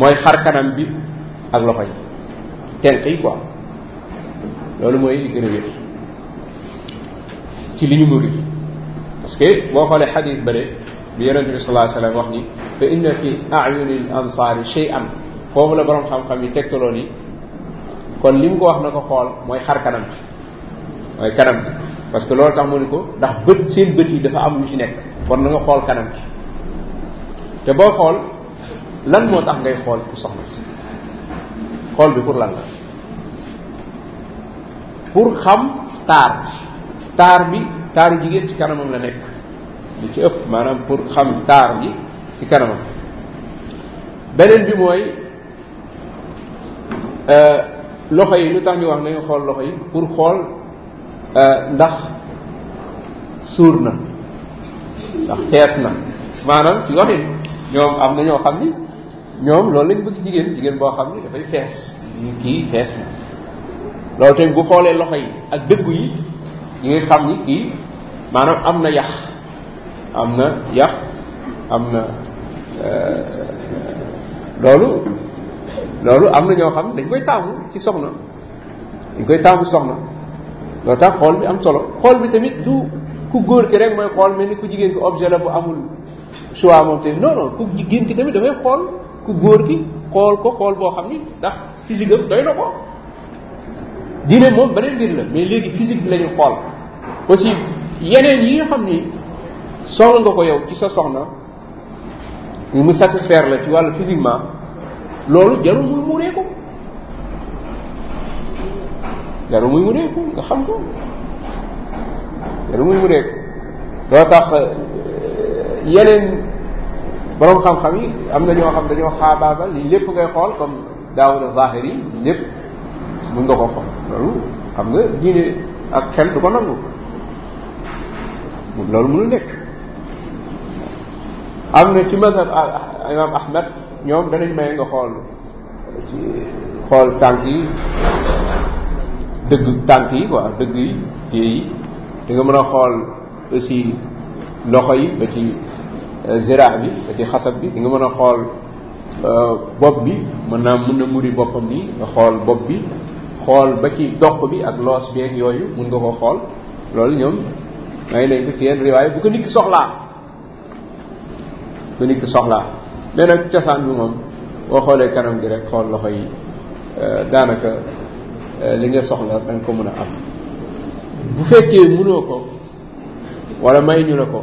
mooy xar kanam bi ak loxo yi tenk yi quoi loolu mooy li gën a wér ci li ñu muri parce que boo xoolee xadis bëre bi yonente bi sallallahu alayhi wax ni fa inna fi ayunil ansaari shay'an foofu la boroom xam-xam yi tegtaloo ni kon li mu ko wax na ko xool mooy xar kanam bi mooy kanam bi parce que loolu tax mu ni ko ndax bët seen bët yi dafa am lu ci nekk kon na nga xool kanam bi te boo xool lan moo tax ngay xool ku soxna si xool bi pour lan la pour xam taar taar bi taaru jigéen ci kanamam la nekk li ci ëpp maanaam pour xam taar bi ci kanamam beneen bi mooy euh, loxo yi lu tax ñu wax nañu xool loxo yi pour xool euh, ndax suur na ndax tees na maanaam ci waxin ñoom am na ñoo xam ni ñoom loolu lañu bëgg jigéen jigéen boo xam ne dafay fees kii fees na loolu tamit bu xoolee loxo yi ak dëggu yi ñu ngi xam ni kii maanaam am na yax am na yax am na euh, loolu loolu am na ñoo xam ne dañ koy taamu ci soxna dañ koy taamu soxna loolu tax xool bi am solo xool bi tamit du ku góor ki rek mooy xool mel ni ku jigéen ki objet la bu amul su moom tamit non non ku jigéen ki tamit dafay xool ku góor ki xool ko xool boo xam ni ndax physique am doy na ko diine moom beneen mbir la mais léegi physique lañuy la ñu xool aussi yeneen yi nga xam ni soxla nga ko yow ci sa soxna yu mu satisfaire la ci wàllu physiquement loolu jarul muy muuree ko jarul muy muuree ko nga xam ko jarul muy tax euh, yeneen borom xam-xam yi am na ñoo xam dañoo xaabaabal lii lépp ngay xool comme daawuda zahir yi lépp mun nga ko xool loolu xam nga diine ak xel du ko mu loolu mënul nekk am na ci mazhab imam ahmad ñoom danañ may nga xool ci xool tànk yi dëgg tànk yi quoi dëgg yi yi da nga mën a xool aussi loxo yi ba ci zira bi da ci xasab bi nga mën a xool euh, bopp bi mën naa mën na muri boppam nii nga xool bopp bi xool ba ci doq bi ak loos beek ak yooyu mën nga koo xool loolu ñoom may nañ ko ci yenn riwaay bu ko nit soxlaa bu ko nit soxlaa mais nag cosaan bi moom boo xoolee kanam gi rek xool loxo yi euh, daanaka euh, li nga soxla da ko mën a am bu fekkee mënoo ko wala may ñu la ko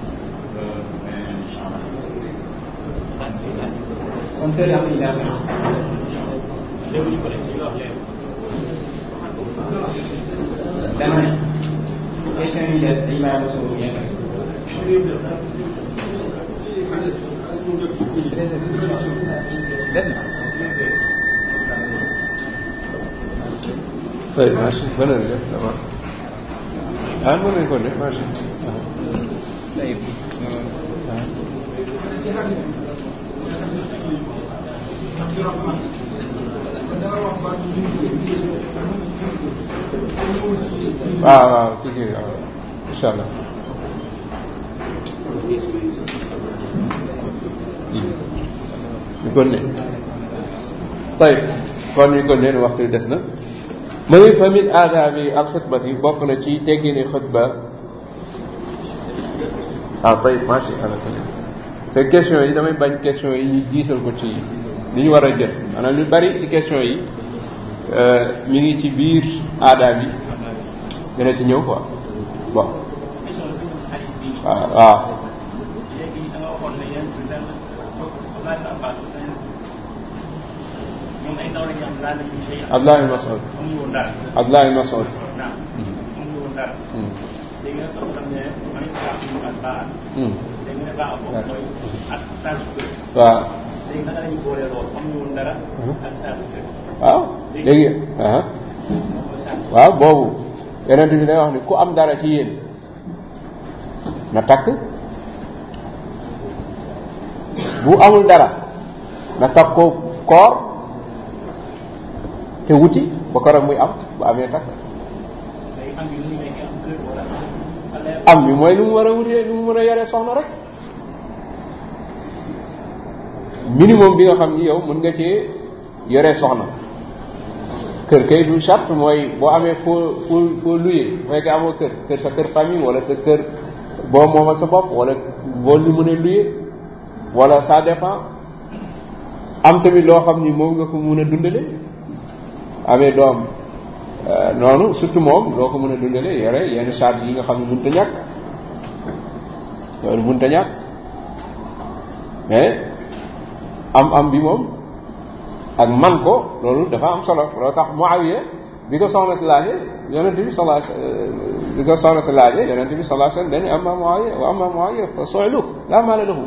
Untuk yang tidak Tamam. Geçen millet imam usulü yemek. طيب ماشي بلا تمام المهم يكون ماشي طيب waaw waaw ci kii waaw incha allah ñu kon ne tayib kon ñu kon ne waxtu des na mu ne fa min aadaabi al xutbati bokk na ci teggini xutba ah tayib macha allah seen question yi damay bañ question yi ñu jiital ko ci li ñu war a jël maanaam lu bari ci question yi mi euh, ngi ci biir aada bi dana ci ñëw quoi bon waaw ah, ah. waaw waaw ah? léegi ah? waaw boobu yeneen bi day wax ni ku am dara ci yéen na takk bu amul dara na takk ko koor te wuti ba korom muy am bu amee takk am bi mooy lu mu war a wutee lu mu mën a yore soxna rek minimum bi nga xam ni yow mën nga cee yore soxna kër kay du charte mooy boo amee foo foo foo luyee mooy nga amoo kër kër sa kër famille wala sa kër boo moomal sa bopp wala boo lu mën a luyee wala ça dépend am tamit loo xam ni moom nga ko mën a dundale amee doom euh, noonu surtout moom loo ko mën a dundale yore yenn charge yi nga xam ne mënut a ñàkk loolu mënut a ñàkk mais am am bi moom ak man ko loolu dafa am solo loolu tax Muawiya bi ko soxna si laajee yonent bi salaa bi ko soxna si laajee yonent bi salaa sallam dañu amma Muawiya wa amma Muawiya fa soxlu laa maala lahu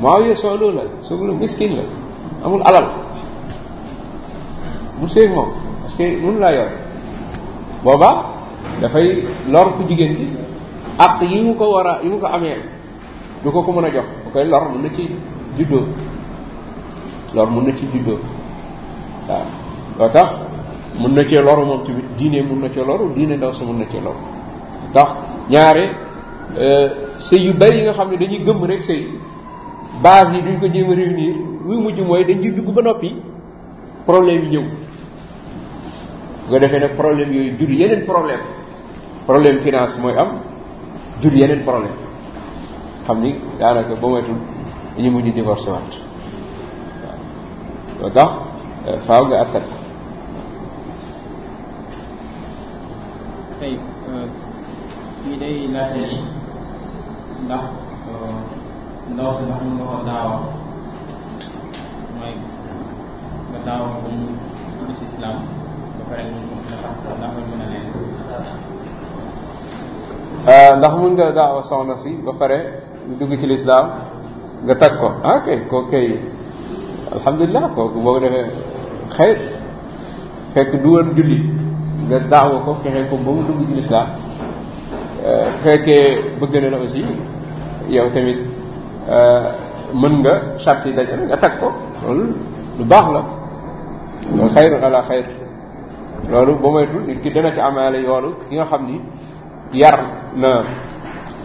Muawiya soxlu la soxlu miskin la amul alal bu seeg moom parce que mun laa yor booba dafay lor ku jigéen bi ak yi mu ko war a yi mu ko amee du ko ko mën a jox bu koy lor mën na ci juddoo lor mun na ci juddoo waa loo tax mun na cee loru moom tamit diine mun na cee loru diine ndaw sa mun na cee loru ndax ñaare euh, sëy yu bari yi nga xam ne dañuy gëmm rek sëy base yi duñ ko jéem a réunir luy mujj mooy dañ ci dugg ba noppi problème yi ñëw nga defee nag problème yooyu jur yeneen problème problème finance mooy am jur yeneen problème xam ni daanaka ba moytul dañu mujj di divorcé tax euh, faaw nga attak tey kii euh, day laajte ni ndax euh, ndaw si ndax mun nga daawa nga daawa ko mu dugg si islam ba pare mun a ndax mun nga daawa soxna si ba pare dugg ci lislaam nga tag ko ah kay koo kay alhamdulilah kooku boo defee xëy fekk du woon julli nga daawa ko fexe ko ba mu dugg ci lislaam eh, fekkee bëgg na la aussi yow tamit eh, mën nga charte yi dajale nga tag ko loolu baax la loolu xayru ala xayr loolu ba moytul nit ki dana ci amaale yoonu ki nga xam ni yar na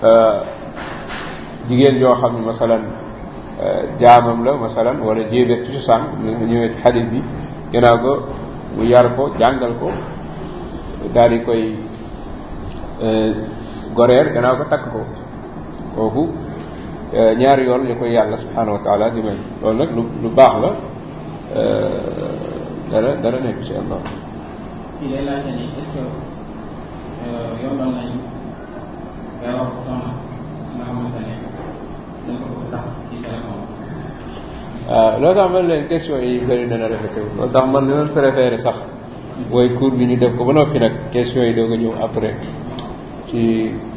eh, jigéen yoo xam ne masalan jaamam la masalan wala jéebét ci cosaan mu ñëwee ci xadis bi gannaaw ga mu yar ko jàngal ko daal di koy e, goreer gannaaw ga takk ko kooku e, ñaari yoon ñu koy yàlla subhanahu wa taala di may loolu nag lu lu baax la e, dara nekk ci allah waaw ah, loo tax man leen question yi bëri dana répété wu loolu tax man li préféré sax mooy cours bi ñu def ko ba noppi nag question yi doo ko ñëw après ci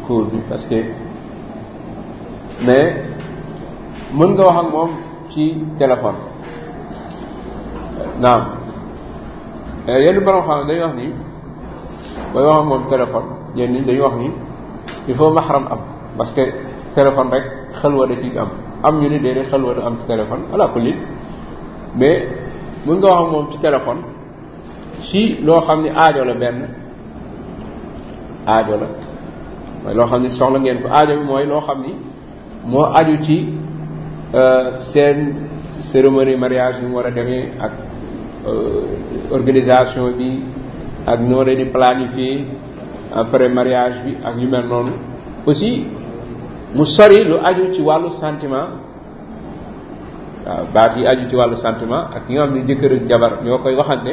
cours bi parce que mais mën nga wax ak moom ci téléphone naam eh, yenn borom xam dañuy wax ni booy wax moom téléphone ñenn ñi dañuy wax ni il faut mahram am parce que téléphone rek xalwa da ci am am ñu ni déedéet xalwa da am ci téléphone ala kulli mais mën nga wax moom ci téléphone si loo xam ni aajo la benn aajo la mooy loo xam ni soxla ngeen ko aajo bi mooy loo xam ni moo aju ci euh, seen cérémonie mariage bi mu war a demee ak euh, organisation bi ak noo leen di planifier après mariage bi ak yu noonu aussi mu sori lu aju ci wàllu santiment waaw baat yi aju ci wàllu sentiment ak ñi nga xam jëkkër ak jabar ñoo koy waxante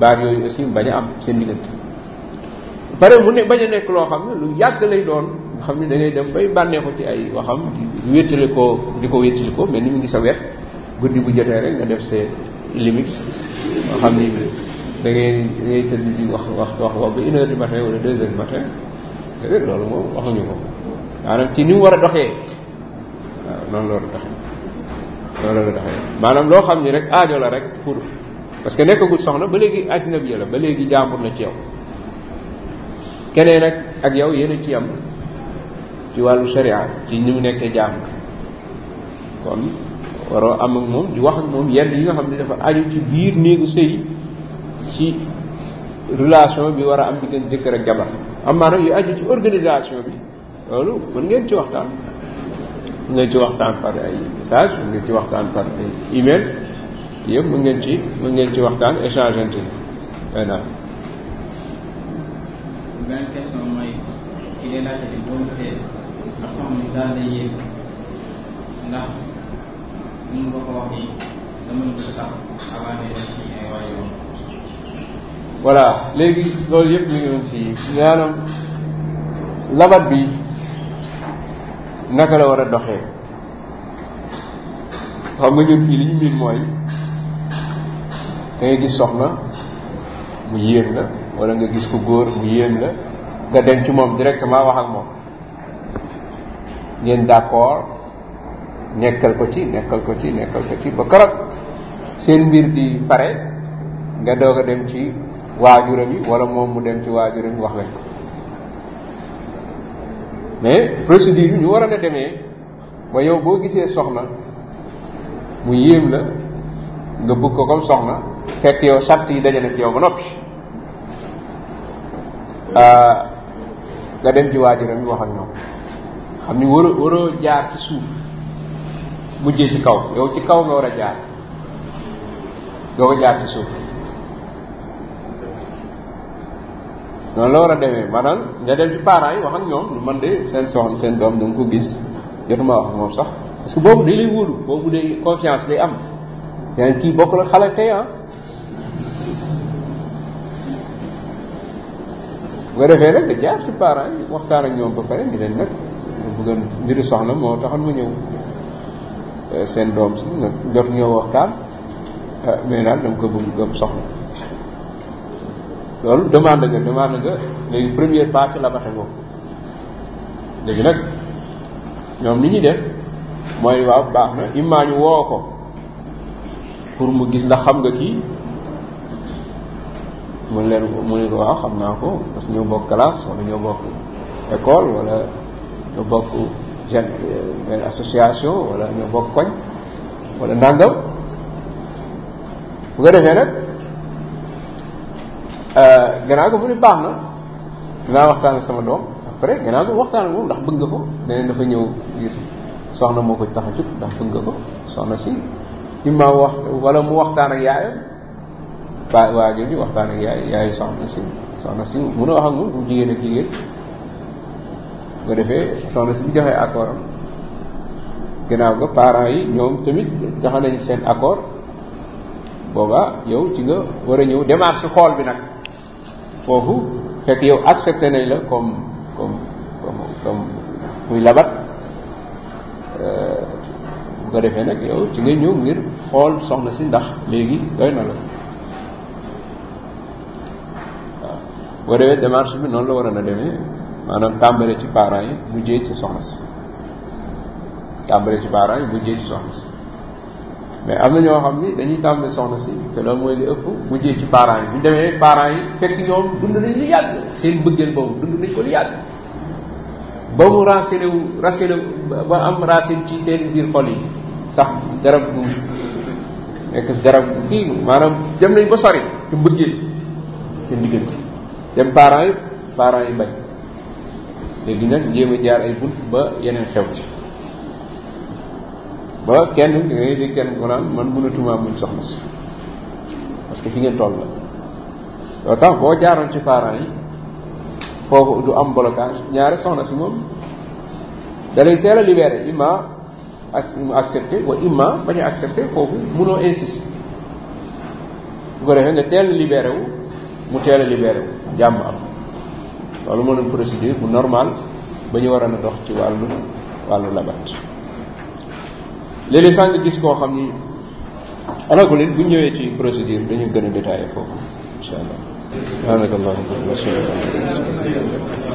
baat yooyu aussi bañ a am seen diggante pare mu ne bañ a nekk loo xam ne lu yàgg lay doon xam ni dangay ngay dem bay bànneexu ci ay waxam di wéttali ko di ko wéttali ko mais ni mu ngi sa wet guddi bu jotee rek nga def see limix nga xam ni da ngay da ngay tëdd di wax wax wax wax ba une matin wala deux heures du matin loolu moom waxuñu maanaam ci ni mu war a doxee waaw noonu la war a doxee noonu la war a doxee maanaam loo xam ni rek aajo la rek pour parce que nekkagul soxna ba léegi ajnabiya la ba léegi jaambur na ci yaw keneen nag ak yow yéen ci am ci wàllu sharia ci ni mu nekkee jaambur kon waroo am ak moom di wax ak moom yenn yi nga xam ne dafa aju ci biir néegu sëy ci relation bi war a am diggante jëkkër ak jabar am maanaam yu aju ci organisation bi loolu mën ngeen ci waxtaan mën ngeen ci waxtaan par ay message mën ngeen ci waxtaan par ay email yëpp mën ngeen ci mën ngeen ci waxtaan échange ante voilà benn question léegi loolu yëpp ñu ngi woon ci labat bi naka la war a doxee xam nga ñun fii li ñu miin mooy da ngay gis soxna mu yéem la wala nga gis ku góor mu yéem la nga dem ci moom directement wax ak moom ngeen d'accord nekkal ko ci nekkal ko ci nekkal ko ci ba keroog seen mbir di pare nga doog a dem ci waajuram yi wala moom mu dem ci waajuram yi wax lañ ko mais procédure yi ñu war a demee ba yow boo gisee soxna mu yéem la nga bugg ko comme soxna fekk yow sart yi daje na ci ba noppi ah, nga dem ci waajuram yi wax ak ñoom xam ni waroo waroo jaar ci suuf mujjee ci kaw yow ci kaw nga war a jaar doo ko jaar ci suuf noonu la war a demee maanaam nga dem ci parents yi wax ak ñoom man de seen soxna seen doom danga ko gis ma wax moom sax parce que boobu day lay wóolu boobu day confiance day am yaa ngi kii bokk la xale tey ah bu defee rek nga jaar ci parents yi waxtaan ak ñoom ba pare ñu leen nag mu bëggoon mbiru soxna moo taxoon ma ñëw euh, seen doom si nag jot ñoo waxtaan euh, mais daal dama ko bëgg gëm soxna loolu demande nga demande nga léegi première partie la baxe boobu léegi nag ñoom li ñuy def mooy waaw baax na immaa ñu woo ko pour mu gis ndax xam nga kii mu leen mu ne ko waaw xam naa ko parce que bokk classe wala ñoo bokk école wala ñoo bokk gen benn euh, association wala ñoo bokk koñ walla ndàngam bu nga defee nag Euh, gannaaw ga mu ne baax na dinaa waxtaan ak sama doom après gannaaw ga waxtaan ak moom ndax bëgg nga ko deneen dafa ñëw ngir soxna moo ko tax a jug ndax bëgg nga ko soxna si imma wala mu ak yaayam waa waa jooju waxtaan ak yaay soxna si soxna si mun a wax moom bu jigéen ak jigéen nga defee soxna si bu joxee accord am gannaaw ga parents yi ñoom tamit joxe nañ seen accord booba yow ci nga war a ñëw démarche xool bi nag foofu fekk yow accepté nañ la comme comme comme comme labat euh, bu ko defee nag yow ci nga ñëw ngir xool soxna si ndax léegi doy na la waaw boo defee démarche bi noonu la waroon a demee maanaam tàmbale ci parents yi bu mujjee ci soxna si tàmbale ci parents yi mujjee ci soxna si mais am na ñoo xam ni dañuy tàmbali soxna si te loolu mooy li ëpp mujjee ci parents yi bu ñu demee parents yi fekk ñoom dund nañ li yàgg seen bëggeel boobu dund nañ ko li yàgg ba mu racine wu racine ba am racine ci seen biir xol yi sax garab bu nekk garab bu kii maanaam dem nañ ba sori ci bëggeel seen diggante dem parents yi parents yi bañ léegi nag jéem a jaar ay bunt ba yeneen xew ci ba kenn ngay di kenn ko man mënatumaa muñ soxna si parce que fi ngeen toll la yoo tax boo jaaroon ci parents yi foofu du am blocage ñaari soxna si moom dalay teel a imma ak mu accepté wa imma bañ a accepté foofu munoo insister bu ko defee nga teel a mu teel a libéré jàmm am loolu moo doon procédure bu normal ba ñu waroon a dox ci wàllu wàllu labat léeg-léeg sax gis koo xam ni alaaka li bu ñëwee ci procédure dañu gën a détaillé foofu incha allah.